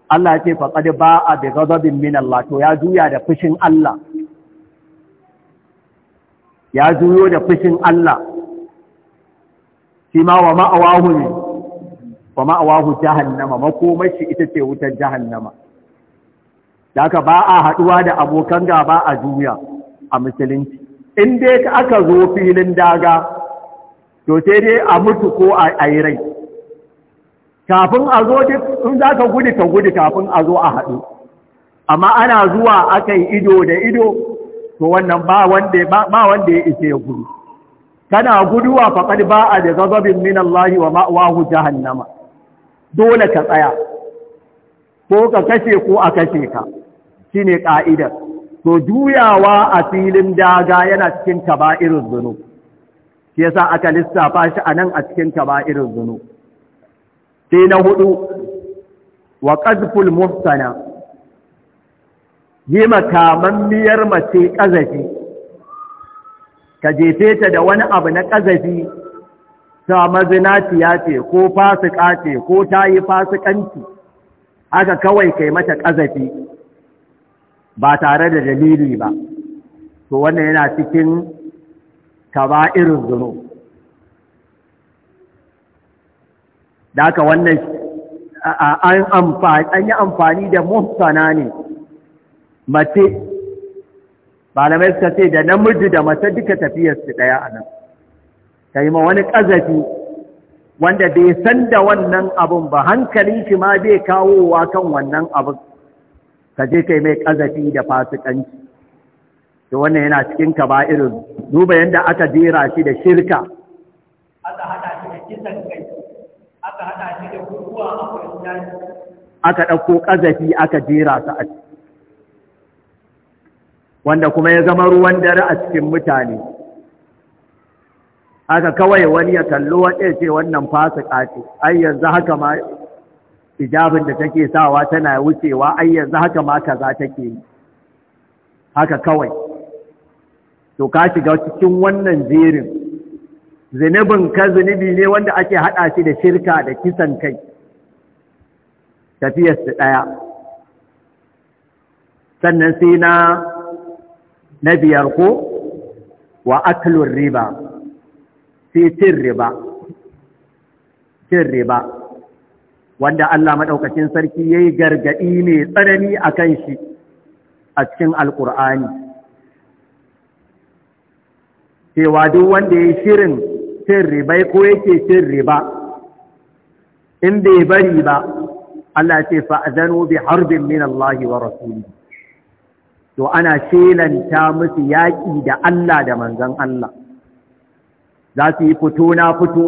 Allah ya ce ba a bi ghadabin min Allah to ya juya da fushin Allah ya juyo da fushin Allah shi ma wa ma'awahu ne wa ma'awahu jahannama makomashi ita ce wutar jahannama da aka ba a haɗuwa da abokan gaba a juya a musulunci in dai aka zo filin daga to sai dai a mutu ko a yi rai kafin a zo in za ka gudu ka gudu kafin a zo a haɗu amma ana zuwa aka yi ido da ido to wannan ba wanda ya isa ya gudu kana guduwa faƙad ba a da zazabin min Allah wa ma'awahu jahannama dole ka tsaya ko ka kashe ko a kashe ka shine ƙa'idar to juyawa a filin daga yana cikin kaba'irin zunub shi yasa aka lissafa shi a nan a cikin kaba'irin zunub sai na hudu wa qazful muhsana yi miyar mace ƙazafi ka jefe ta da wani abu na ƙazafi ta mazinaciya ce ko fasika ce ko ta yi fasikanci haka kawai kai mata ƙazafi ba tare da dalili ba to wannan yana cikin irin zunub da aka wannan an yi amfani da muhsana ne mace malamai suka ce da namiji da mace duka tafiyarsu ɗaya a nan ta yi ma wani ƙazafi wanda bai san da wannan abun ba hankali shi ma bai wa kan wannan abin ka je kai mai ƙazafi da fasikanci to wannan yana cikin ka ba irin duba yadda aka jera shi da shirka aka hada shi da kisan aka haɗa shi da kukuwa a kwanciyar aka ɗauko ƙazafi aka jera su a wanda kuma ya zama ruwan dare a cikin mutane haka kawai wani ya kallo waɗe ce wannan fasa ƙaci ai yanzu haka ma ijabin da take sawa tana wucewa ai yanzu haka ma kaza take yi haka kawai to ka shiga cikin wannan jerin zunubin ka zunubi ne wanda ake haɗa shi da shirka da kisan kai su ɗaya sannan sai na na biyar ko wa aklun riba sai cin riba cin riba wanda Allah maɗaukacin sarki ya yi gargaɗi mai tsanani a kan shi a cikin alƙur'ani cewa duk wanda ya yi shirin cin riba ko yake cin riba in bai bari ba Allah ce fa'azanu bi harbin min Allah wa rasuli to ana shelanta musu yaƙi da Allah da manzon Allah za su yi fito na fito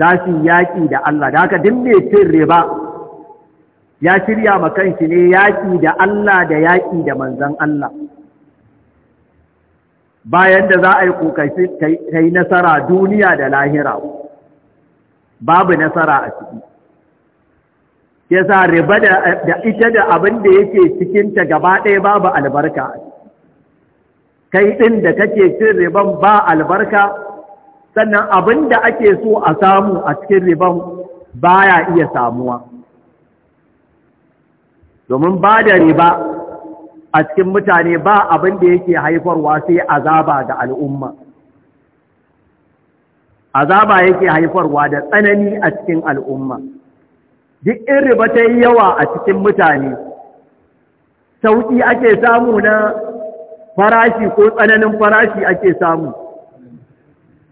za su yi yaƙi da Allah da haka duk mai cin riba ya shirya ma shi ne yaƙi da Allah da yaƙi da manzon Allah bayan da za a yi kokaci ta nasara duniya da lahira babu nasara a ciki ya sa riba da ita da abin da yake cikinta gaba ɗaya babu albarka kai ɗin da kake cin riban ba albarka sannan abin da ake so a samu a cikin riban baya iya samuwa domin ba da riba a cikin mutane ba abin da yake haifarwa sai azaba ga al'umma azaba yake haifarwa da tsanani a cikin al'umma duk in riba ta yi yawa a cikin mutane sauƙi ake samu na farashi ko tsananin farashi ake samu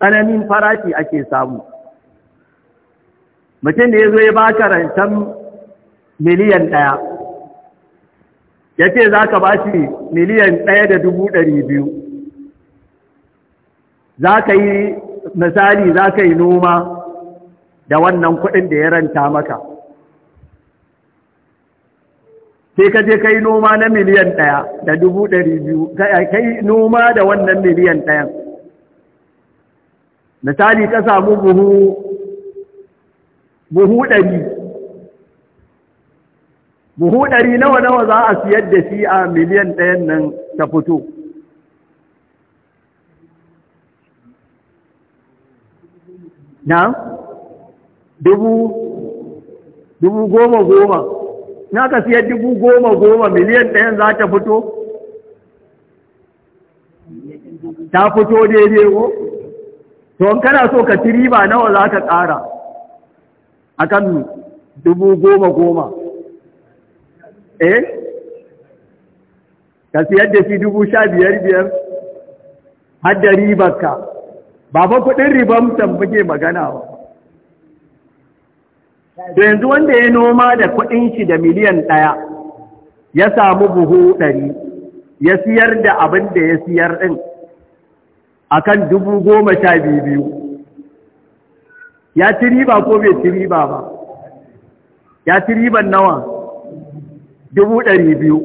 tsananin farashi ake samu mutum da ya zo ya baka rancen miliyan ɗaya ya ce za ka ba shi miliyan ɗaya da dubu ɗari biyu za ka yi misali za ka yi noma da wannan kuɗin da ya ranta maka sai ka je ka yi noma na miliyan ɗaya da dubu ɗari biyu ka yi noma da wannan miliyan ɗayan misali ka samu buhu buhu ɗari buhu ɗari nawa nawa za a siyar da shi a miliyan ɗayan nan ta fito na dubu dubu goma goma na ka siyar dubu goma goma miliyan ɗayan za ta fito ta fito daidai ko to kana so ka ci riba nawa za ka ƙara akan dubu goma goma eh ka siyar da shi dubu sha biyar biyar har ribarka ba kuɗin riban tambuke magana ba da yanzu wanda ya noma da kuɗin shi da miliyan ɗaya ya samu buhu ɗari ya siyar da abin da ya siyar ɗin a kan dubu goma sha biyu ya ci riba ko bai ci riba ba ya ci riban nawa dubu ɗari biyu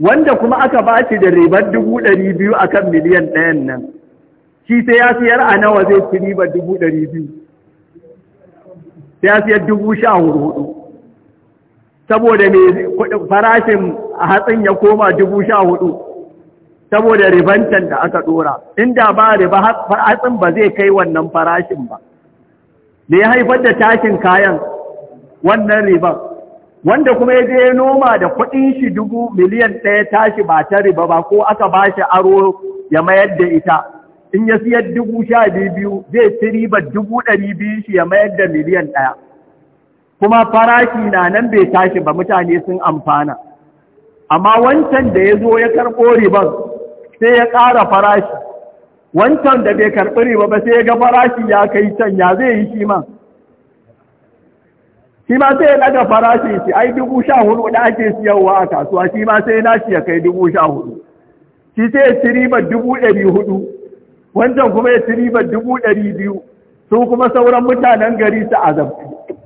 wanda kuma aka ba shi da ribar dubu ɗari biyu a kan miliyan ɗayan nan shi sai ya siyar a nawa zai ci ribar dubu ɗari biyu sai ya siyar dubu sha hudu saboda mai farashin a hatsin ya koma dubu sha hudu saboda ribantan da aka ɗora inda ba riba hatsin ba zai kai wannan farashin ba me ya haifar da tashin kayan wannan ribar? wanda kuma ya je noma da kuɗin shi dubu miliyan ɗaya tashi ba ta riba ba ko aka ba shi aro ya mayar da ita in ya siyar dubu sha biyu zai ci ribar dubu ɗari biyu shi ya mayar da miliyan ɗaya kuma farashi na nan bai tashi ba mutane sun amfana amma wancan da ya zo ya karɓo riban sai ya ƙara farashi wancan da bai karɓi riba ba sai ya ga farashi ya kai can ya zai yi shi man? shi ma sai ya daga farashin shi ai dubu sha hudu da ake siyarwa a kasuwa shi ma sai na shi ya kai dubu sha hudu shi sai ya ci ribar dubu ɗari hudu wancan kuma ya ci ribar dubu ɗari biyu su kuma sauran mutanen gari su azabtu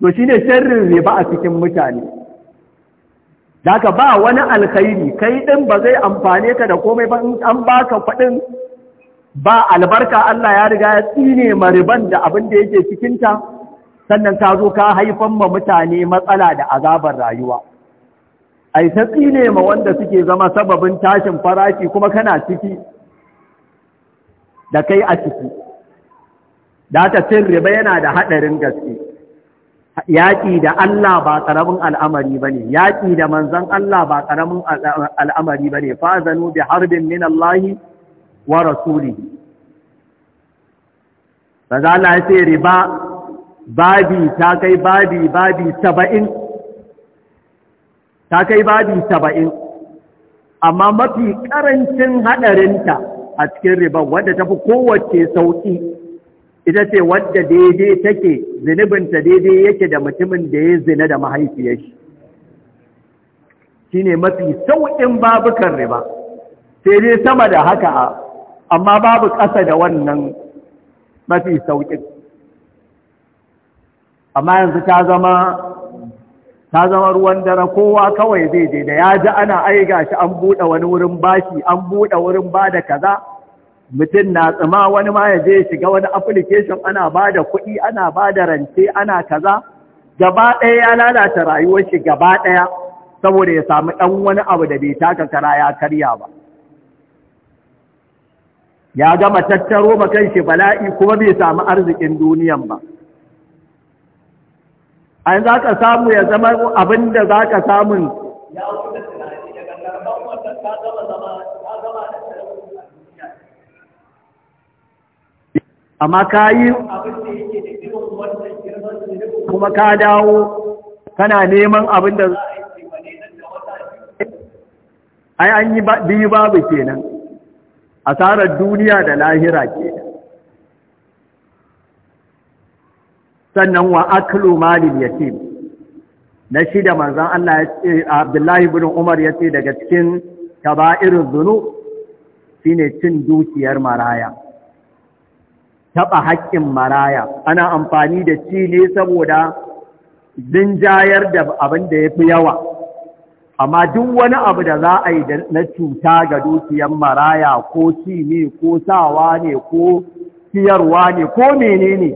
to shi ne sharrin riba a cikin mutane ka ba wani alkhairi kai ɗin ba zai amfane ka da komai ba in an baka kuɗin ba albarka Allah ya riga ya tsine mariban da abin da yake cikinta sannan ka zo ka haifan ma mutane matsala da azabar rayuwa ai ta tsine ma wanda suke zama sababin tashin farashi kuma kana ciki da kai a ciki da cin riba yana da haɗarin gaske yaƙi da Allah ba karamin al'amari ba ne yaƙi da manzan Allah ba karamin al'amari ba ne fa'azanu bi harbin min Allahi wa rasulihi daga Allah ya riba babi ta kai babi babi saba'in ta kai babi saba'in amma mafi ƙarancin haɗarinta a cikin riba wadda ta fi kowace sauƙi ita ce wadda daidai take zunubinta daidai yake da mutumin da ya zina da mahaifiyar shi mafi sauƙin babukan riba sai dai sama da haka a amma babu ƙasa da wannan mafi sauƙin amma yanzu ta zama ta zama ruwan dare kowa kawai zai je da ya ji ana aiga shi an buɗe wani wurin bashi an buɗe wurin ba da kaza mutum na tsima wani ma ya je shiga wani application ana ba da kuɗi ana ba da rance ana kaza gaba ɗaya ya lalata rayuwar shi gaba ɗaya saboda ya sami ɗan wani abu da bai taka kara ya karya ba ya gama tattaro ma shi bala'i kuma bai samu arzikin duniyan ba an za ka samu ya zama abin da za ka samun amma ka yi kuma ka dawo kana neman abin da ai an yi biyu babu kenan asarar duniya da lahira ke sannan wa aklu malin yatim na shida manzan Allah ya ce Abdullahi ibn Umar ya ce daga cikin kaba'irin zunub shine cin dukiyar maraya taɓa haƙƙin maraya ana amfani da ci ne saboda zinjayar da abin da ya fi yawa amma duk wani abu da za a yi na cuta ga dukiyar maraya ko ci ne ko sawa ne ko siyarwa ne ko menene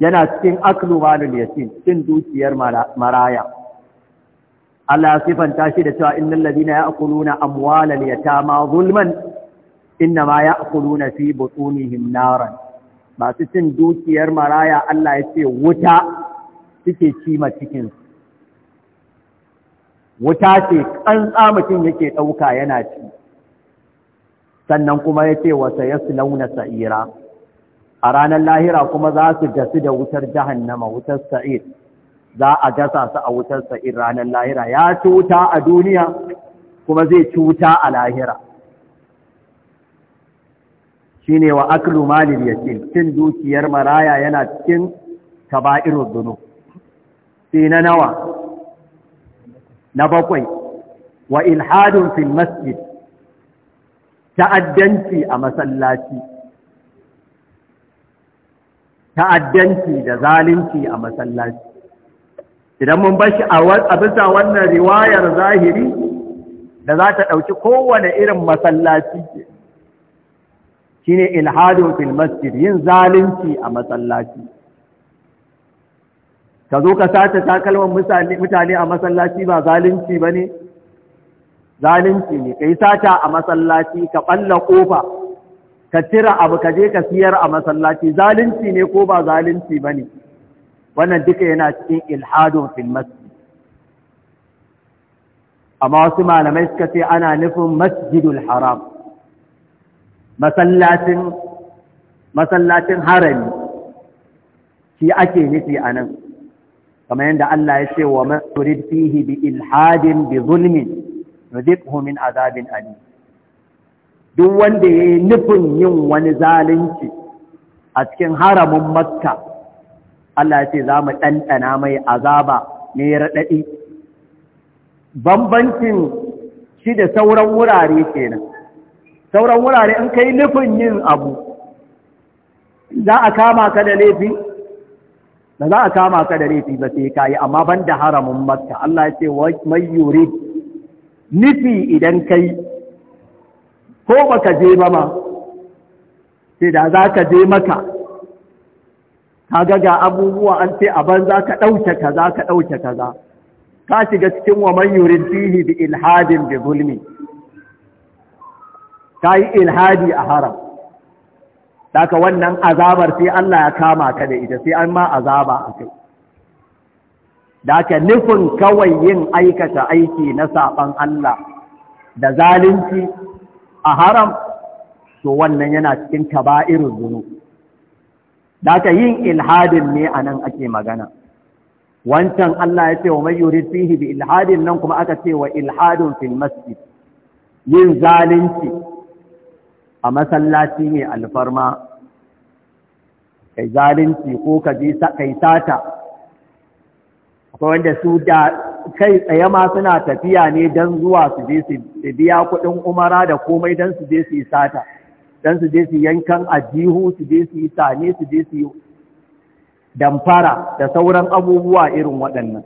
yana cikin aklu malul yatim cikin dukiyar maraya Allah sifanta shi da cewa innal ladina ya'kuluna amwalal yatama zulman ma ya'kuluna fi butunihim naran masu cin dukiyar maraya Allah ya ce wuta suke cima cikinsu wuta ce ƙansa mutum yake ɗauka yana ci sannan kuma ya ce wasa ya launa sa'ira a ranar lahira kuma za su gasu da wutar jahannama wutar sa'ir za a gasa su a wutar sa'ir ranar lahira ya ci wuta a duniya kuma zai ci wuta a lahira shi ne wa aklu ya ce, cin dukiyar maraya yana cikin kaba'irul zunu sai na nawa na bakwai wa ilhadun fil masjid ta'addanci a masallaci ta'addanci da zalunci a masallaci idan mun bashi a bisa wannan riwayar zahiri da za ta ɗauki kowane irin masallaci shi shine ilhadun fil masjid yin zalunci a masallaci ka zo ka sace takalman mutane a masallaci ba zalunci ba ne zalunci ne ka yi sata a masallaci ka ɓalla ƙofa ka cira abu ka je ka siyar a masallaci zalunci ne ko ba zalunci ba ne wannan duka yana cikin ilhadun fil masjid amma wasu malamai suka ce ana nufin masjidul haram masallacin masallacin harami shi ake nufi a nan kamar yadda Allah ya ce wa maturid fihi bi ilhadin bi zulmin nuzibhu min azabin ali duk wanda yayi nufin yin wani zalunci a cikin haramin Makka Allah ya ce za mu ɗanɗana mai azaba ne raɗaɗi bambancin shi da sauran wurare kenan sauran wurare in kai nufin yin abu za a kama ka da laifi Da za a kama ka da laifi ba sai kayi yi amma ban da haramun makka Allah ya ce mai yuri nufi idan kai ko baka je ba ma sai da za ka je maka ka ga ga abubuwa an ce a ban za ka ɗauke kaza ka ɗauke kaza ka shiga cikin wa man yuri fihi bi ilhadin bi zulmi ilhadi a haram Daka wannan azabar sai Allah ya kama ka da ita sai an ma azaba a kai. Daka nufin kawai yin aikata aiki na saɓan Allah da zalunci a haram, to wannan yana cikin kaba'irin zunu. Daka yin ilhadin ne a nan ake magana. Wancan Allah ya ce wa mai yuri fihi bi ilhadin nan kuma aka ce wa ilhadin fil masjid yin zalunci a masallaci mai alfarma kai zalunci ko ka kai sata ko wanda su da kai tsaye ma suna tafiya ne don zuwa su je su biya kuɗin umara da komai don su je su yi sata don su je su yankan ajihu su je su yi sane su je su yi damfara da sauran abubuwa irin waɗannan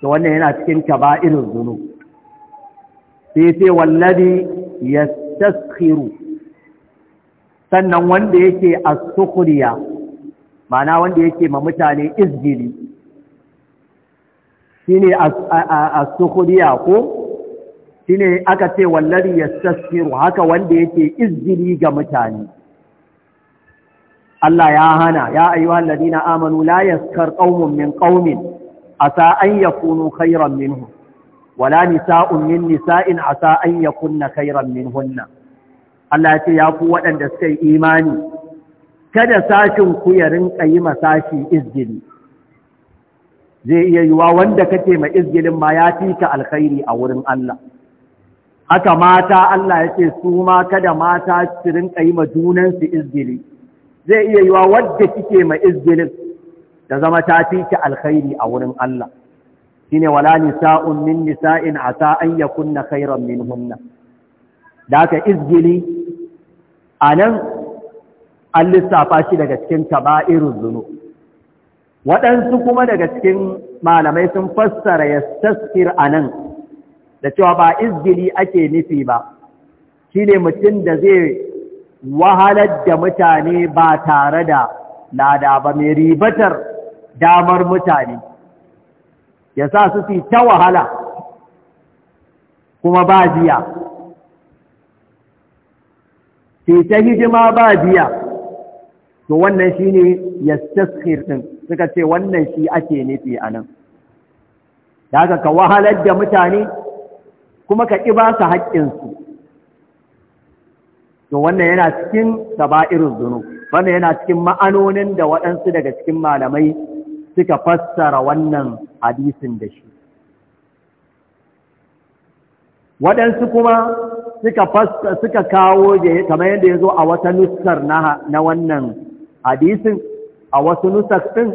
to wannan yana cikin irin zunu sai sai wallabi yastaskhiru sannan wanda yake as ma'ana wanda yake ma mutane izgili shine as ko shine aka ce wallahi yastaskhiru haka wanda yake izgiri ga mutane Allah ya hana ya ayyuhal ladina amanu la yaskar qaumun min qaumin asa an yakunu khayran minhum wala nisa'un min nisa'in asa an yakunna khairan minhunna Allah ya ce ya ku waɗanda suka yi imani kada sashin ku ya rinka yi masashi izgili zai iya yiwa wanda kake ma izgilin ma ya fi ka alkhairi a wurin Allah haka mata Allah ya ce su ma kada mata su rinka yi ma junansu izgili zai iya yiwa wadda kike ma izgilin da zama ta fi alkhairi a wurin Allah shine wala nisa'un min nisa'in asa an yakunna khairan minhunna da izgili anan an lissafa shi daga cikin kaba'irun zunub waɗansu kuma daga cikin malamai sun fassara ya tasfir anan da cewa ba izgili ake nufi ba shine mutum da zai wahalar da mutane ba tare da lada ba mai ribatar damar mutane ya sa su fi ta wahala kuma ba biya fi ta hidima ba biya to wannan shi ne ya taskir ɗin suka ce wannan shi ake nufi a nan da haka ka wahalar da mutane kuma ka ƙi ba su haƙƙinsu to wannan yana cikin saba'irin zunu wannan yana cikin ma'anonin da waɗansu daga cikin malamai suka fassara wannan hadisin da shi waɗansu kuma suka kawo kamar yadda ya zo a wata nuskar na wannan hadisin a wasu nuskar ɗin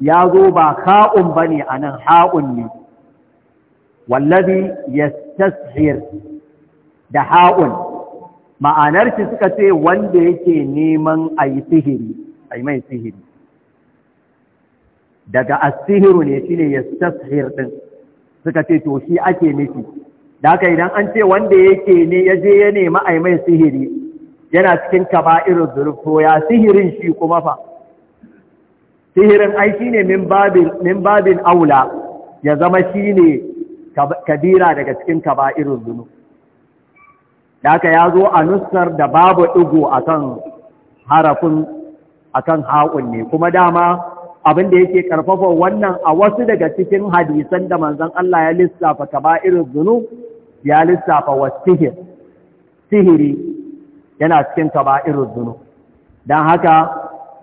ya zo ba ha'un ba ne a nan ha'un ne wallabi ya tashir da ha'un ma'anarci suka ce wanda yake neman a yi sihiri a mai sihiri daga asihiru ne shi ya yastashir ɗin suka ce to shi ake nufi da haka idan an ce wanda yake ne ya je ya nemi ai sihiri yana cikin kaba'irul irin zurfo ya sihirin shi kuma fa sihirin ai shi min min babin aula ya zama shi ne kabira daga cikin irin zunu da haka ya zo a nussar da babu digo akan harafin akan haƙun ne kuma dama abin da yake karfafa wannan a wasu daga cikin hadisan da manzon Allah ya lissafa kaba'irul zunub ya lissafa wasihir sihiri yana cikin kaba'irul zunub dan haka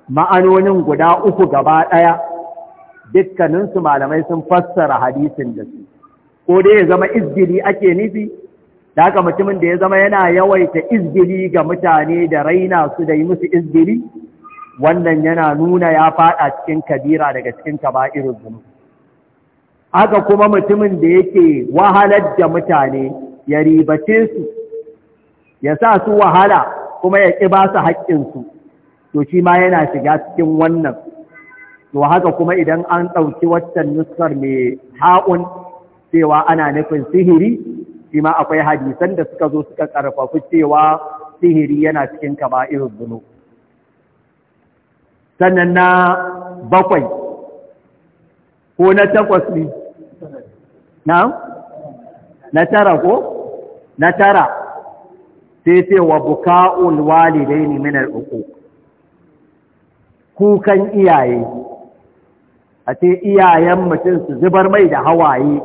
ma'anonin guda uku gaba daya dukkanin su malamai sun fassara hadisin da su ko dai ya zama izgili ake nufi da haka mutumin da ya zama yana yawaita izgili ga mutane da raina su da yi musu izgili wannan yana nuna ya fada cikin kabira daga cikin kaba'irul zunub haka kuma mutumin da yake wahalar da mutane ya ribace su ya sa su wahala kuma ya ƙi ba su haƙƙinsu to shi ma yana shiga cikin wannan to haka kuma idan an ɗauki waccan nuskar mai ha'un cewa ana nufin sihiri shi ma akwai hadisan da suka zo suka ƙarfafi cewa sihiri yana cikin irin zunub sannan na bakwai ko na takwas ne na na tara ko na tara sai ce wa buka'ul walidai ne minar uku. kukan iyaye a ce iyayen mutum su zubar mai da hawaye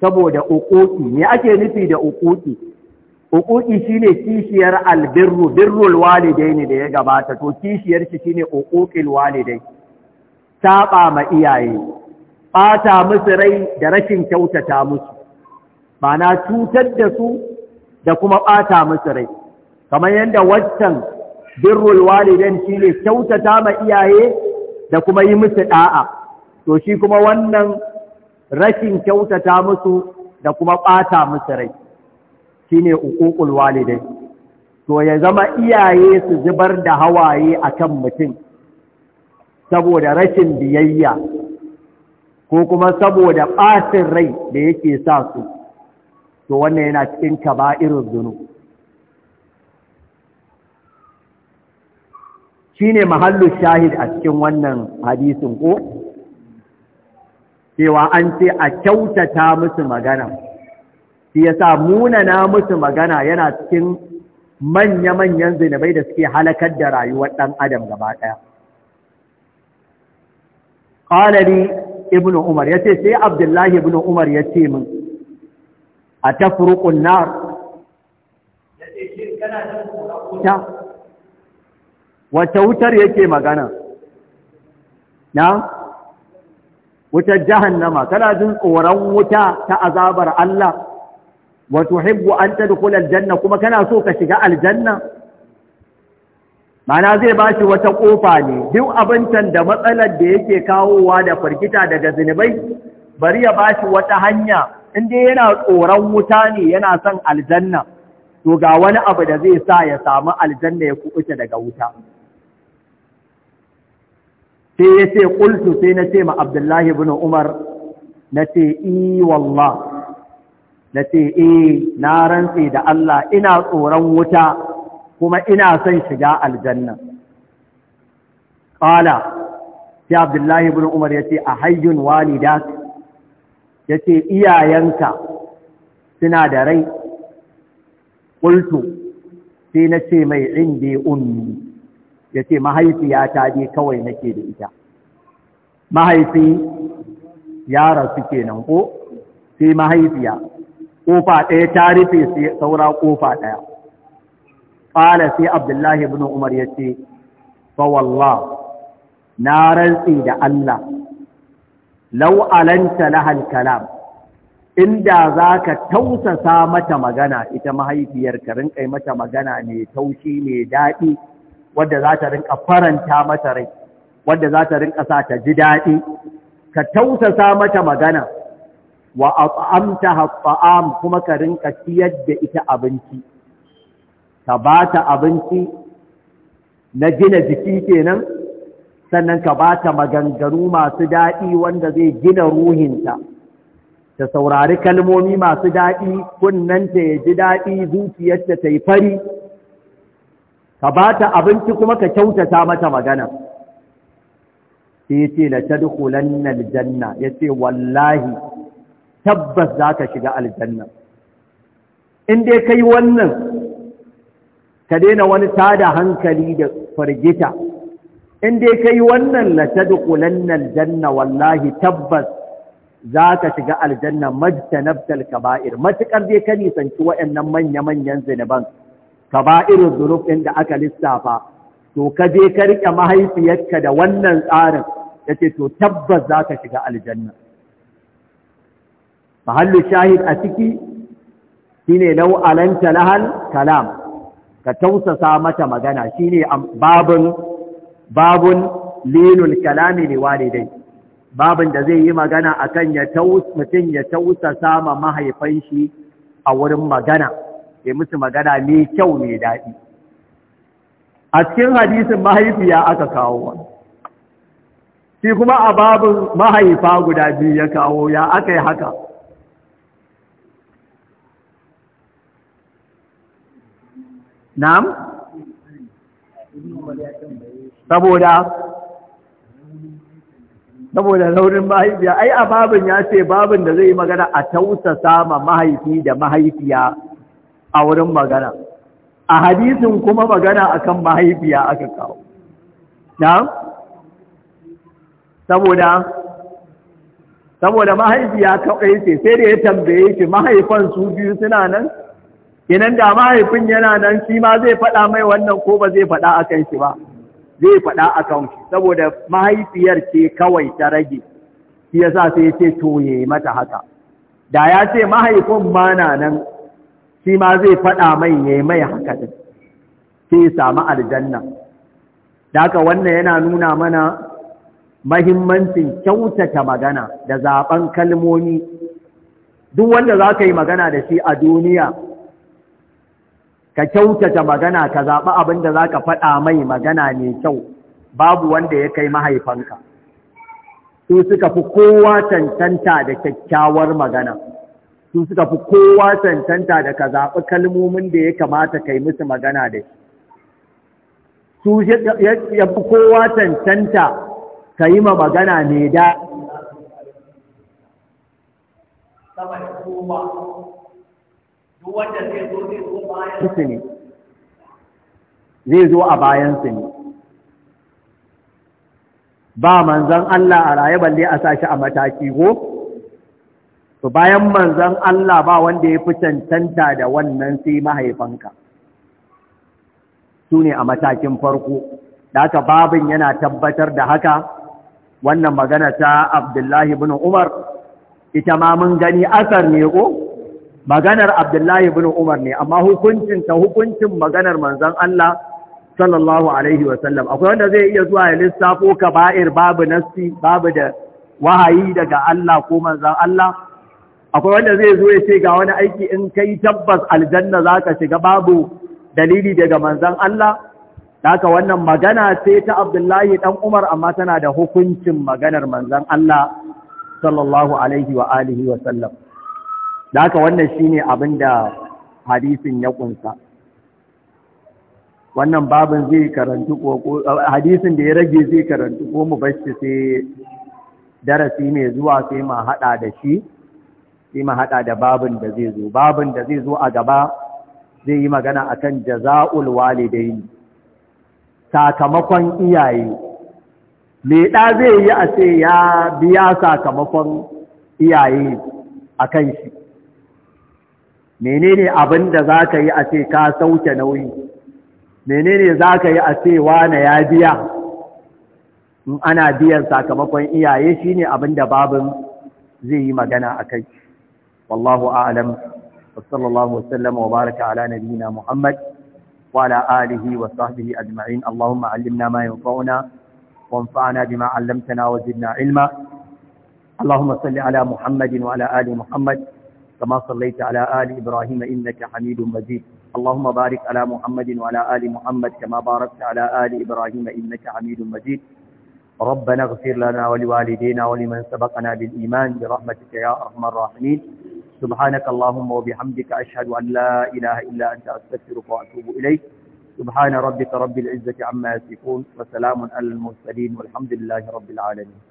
saboda ukuki ne ake nufi da ukuki Uƙuƙi shi ne kishiyar albirru, birrul walidai ne da ya gabata, to kishiyar shi shi ne uƙuƙil walidai, saɓa ma iyaye, ɓata musu rai da rashin kyautata musu, mana cutar da su da kuma ɓata musu rai, kamar yadda waccan birrul walidan shi ne kyautata ma iyaye da kuma yi musu ɗa'a, to shi kuma wannan rashin kyautata musu da kuma ɓata musu rai. Shi ne uququl walidai to ya zama iyaye su zubar da hawaye a kan mutum saboda rashin biyayya ko kuma saboda ɓasin rai da yake sa su to wannan yana cikin kaba'irin zunu ne mahallin shahid a cikin wannan hadisin ko cewa an ce a kyautata musu magana shi na munana musu magana yana cikin manya-manyan zinabai da suke halakar da rayuwar ɗan adam gaba ɗaya ƙalari ibn umar ya ce sai abdullahi ibn umar ya ce min a ta furuƙun nar wata wutar yake magana na wutar jahannama kana jin tsoron wuta ta azabar Allah wa tuhibbu an tadkhul aljanna kuma kana so ka shiga aljanna mana zai ba shi wata kofa ne duk abincin da matsalar da yake kawowa da farkita daga zinubai bari ya ba shi wata hanya inda yana tsoron wuta ne yana son aljanna to ga wani abu da zai sa ya samu aljanna ya kuɓuta daga wuta sai ya ce kultu sai na ce ma abdullahi bin umar na ce i wallah na ce eh na rantse da Allah ina tsoron wuta kuma ina son shiga aljanna ƙala sai Abdullahi ibn Umar ya ce a hayyun walidat ce iyayenka suna da rai ƙultu sai na ce mai indi ummi yace mahaifiyata dai kawai nake da ita mahaifi ya rasu nan ko sai mahaifiya kofa ɗaya ta rufe saura kofa ɗaya ƙala sai abdullahi ibn umar ya ce fa wallah na rantsi da Allah lau alanta lahal kalam inda zaka tausasa mata magana ita mahaifiyar ka rinka mata magana ne taushi ne daɗi wadda za ta rinka faranta mata rai wadda za ta rinka sa ta ji daɗi ka tausasa mata magana wa at'amtaha at'am kuma ka rinka ciyar da ita abinci ka bata abinci na gina jiki kenan sannan ka bata maganganu masu daɗi wanda zai gina ruhinta ta saurari kalmomi masu daɗi kunnenta ya ji daɗi zuciyarta ta yi fari ka bata abinci kuma ka kyautata mata magana sai ce la tadkhulanna aljanna yace wallahi tabbas za ka shiga aljanna in dai yi wannan ka daina wani tada hankali da fargita in dai yi wannan la tadkhulanna aljanna wallahi tabbas za ka shiga aljanna majtanabtal kaba'ir matukar dai ka nisanci waɗannan manya manyan zinuban kaba'irul zunub ɗin da aka lissafa to ka je ka rike mahaifiyarka da wannan tsarin yace to tabbas za ka shiga aljanna mahallu shahid a ciki shine lau alanta kalam ka tausasa mata magana shine babun babun linul kalami li walidai da zai yi magana akan ya mutum ya tausasa ma mahaifan shi a wurin magana ya musu magana mai kyau mai daɗi a cikin hadisin mahaifiya aka kawo shi kuma a babin mahaifa guda biyu ya kawo ya aka yi haka na'am saboda saboda raunin mahaifiya ai a babin ya ce babin da zai magana a tausasa ma mahaifi da mahaifiya a wurin magana a hadisin kuma magana akan mahaifiya aka kawo na'am saboda saboda mahaifiya kawai ce sai da ya tambaye shi mahaifan su biyu suna nan Inan da mahaifin yana nan shi ma zai faɗa mai wannan ko ba zai faɗa a kan shi ba, zai faɗa a kan shi, saboda mahaifiyar ce kawai ta rage, shi ya sa sai ce to ya yi mata haka. Da ya ce mahaifin ma na nan, shi ma zai faɗa mai ya yi mai haka ɗin, sai ya samu aljanna. Da haka wannan yana nuna mana mahimmancin kyautata magana da zaɓen kalmomi, duk wanda za ka yi magana da shi a duniya. ka kyautata magana ka zaɓi abin da za ka faɗa mai magana mai kyau babu wanda ya kai mahaifanka su suka fi kowa cancanta da kyakkyawar magana su suka fi kowa cancanta da ka zaɓi kalmomin da ya kamata kai musu magana da su ya fi kowa cancanta ka yi ma magana mai da zai zo ne zai zo a bayan su ne ba manzon Allah a raye balle a sashi a mataki ko to bayan manzon Allah ba wanda ya fi cancanta da wannan sai mahaifanka su ne a matakin farko da haka babin yana tabbatar da haka wannan magana ta Abdullahi bin Umar ita ma mun gani asar ne ko maganar Abdullahi bin Umar ne amma hukuncin ta hukuncin maganar manzan Allah sallallahu alaihi wa sallam akwai wanda zai iya zuwa ya lissafo kaba'ir babu nassi babu da wahayi daga Allah ko manzan Allah akwai wanda zai zo ya ce ga wani aiki in kai tabbas aljanna zaka shiga babu dalili daga manzon Allah haka wannan magana ce ta Abdullahi dan Umar amma tana da hukuncin maganar manzon Allah sallallahu alaihi wa alihi wa sallam da haka wannan shine abin da hadisin ya kunsa wannan babin zai karantu ko hadisin da ya rage zai karantu ko mu bashi sai darasi mai zuwa sai ma hada da shi sai ma hada da babin da zai zo babin da zai zo a gaba zai yi magana akan jaza'ul walidaini sakamakon iyaye me ɗa zai yi a ce ya biya sakamakon iyaye a kan shi menene abin da za ka yi a ce ka sauke nauyi menene za ka yi a ce wane ya biya in ana biyan sakamakon iyaye shine abin da babin zai yi magana a kai wallahu a'lam wa sallallahu wa sallama wa baraka ala nabiyyina muhammad wa ala alihi wa sahbihi ajma'in allahumma allimna ma yanfa'una وانفعنا allamtana علمتنا وزدنا ilma. اللهم صل على محمد وعلى آل محمد كما صليت على آل إبراهيم إنك حميد مجيد اللهم بارك على محمد وعلى آل محمد كما باركت على آل إبراهيم إنك حميد مجيد ربنا اغفر لنا ولوالدينا ولمن سبقنا بالإيمان برحمتك يا أرحم الراحمين سبحانك اللهم وبحمدك أشهد أن لا إله إلا أنت أستغفرك وأتوب إليك سبحان ربك رب العزة عما يصفون وسلام على المرسلين والحمد لله رب العالمين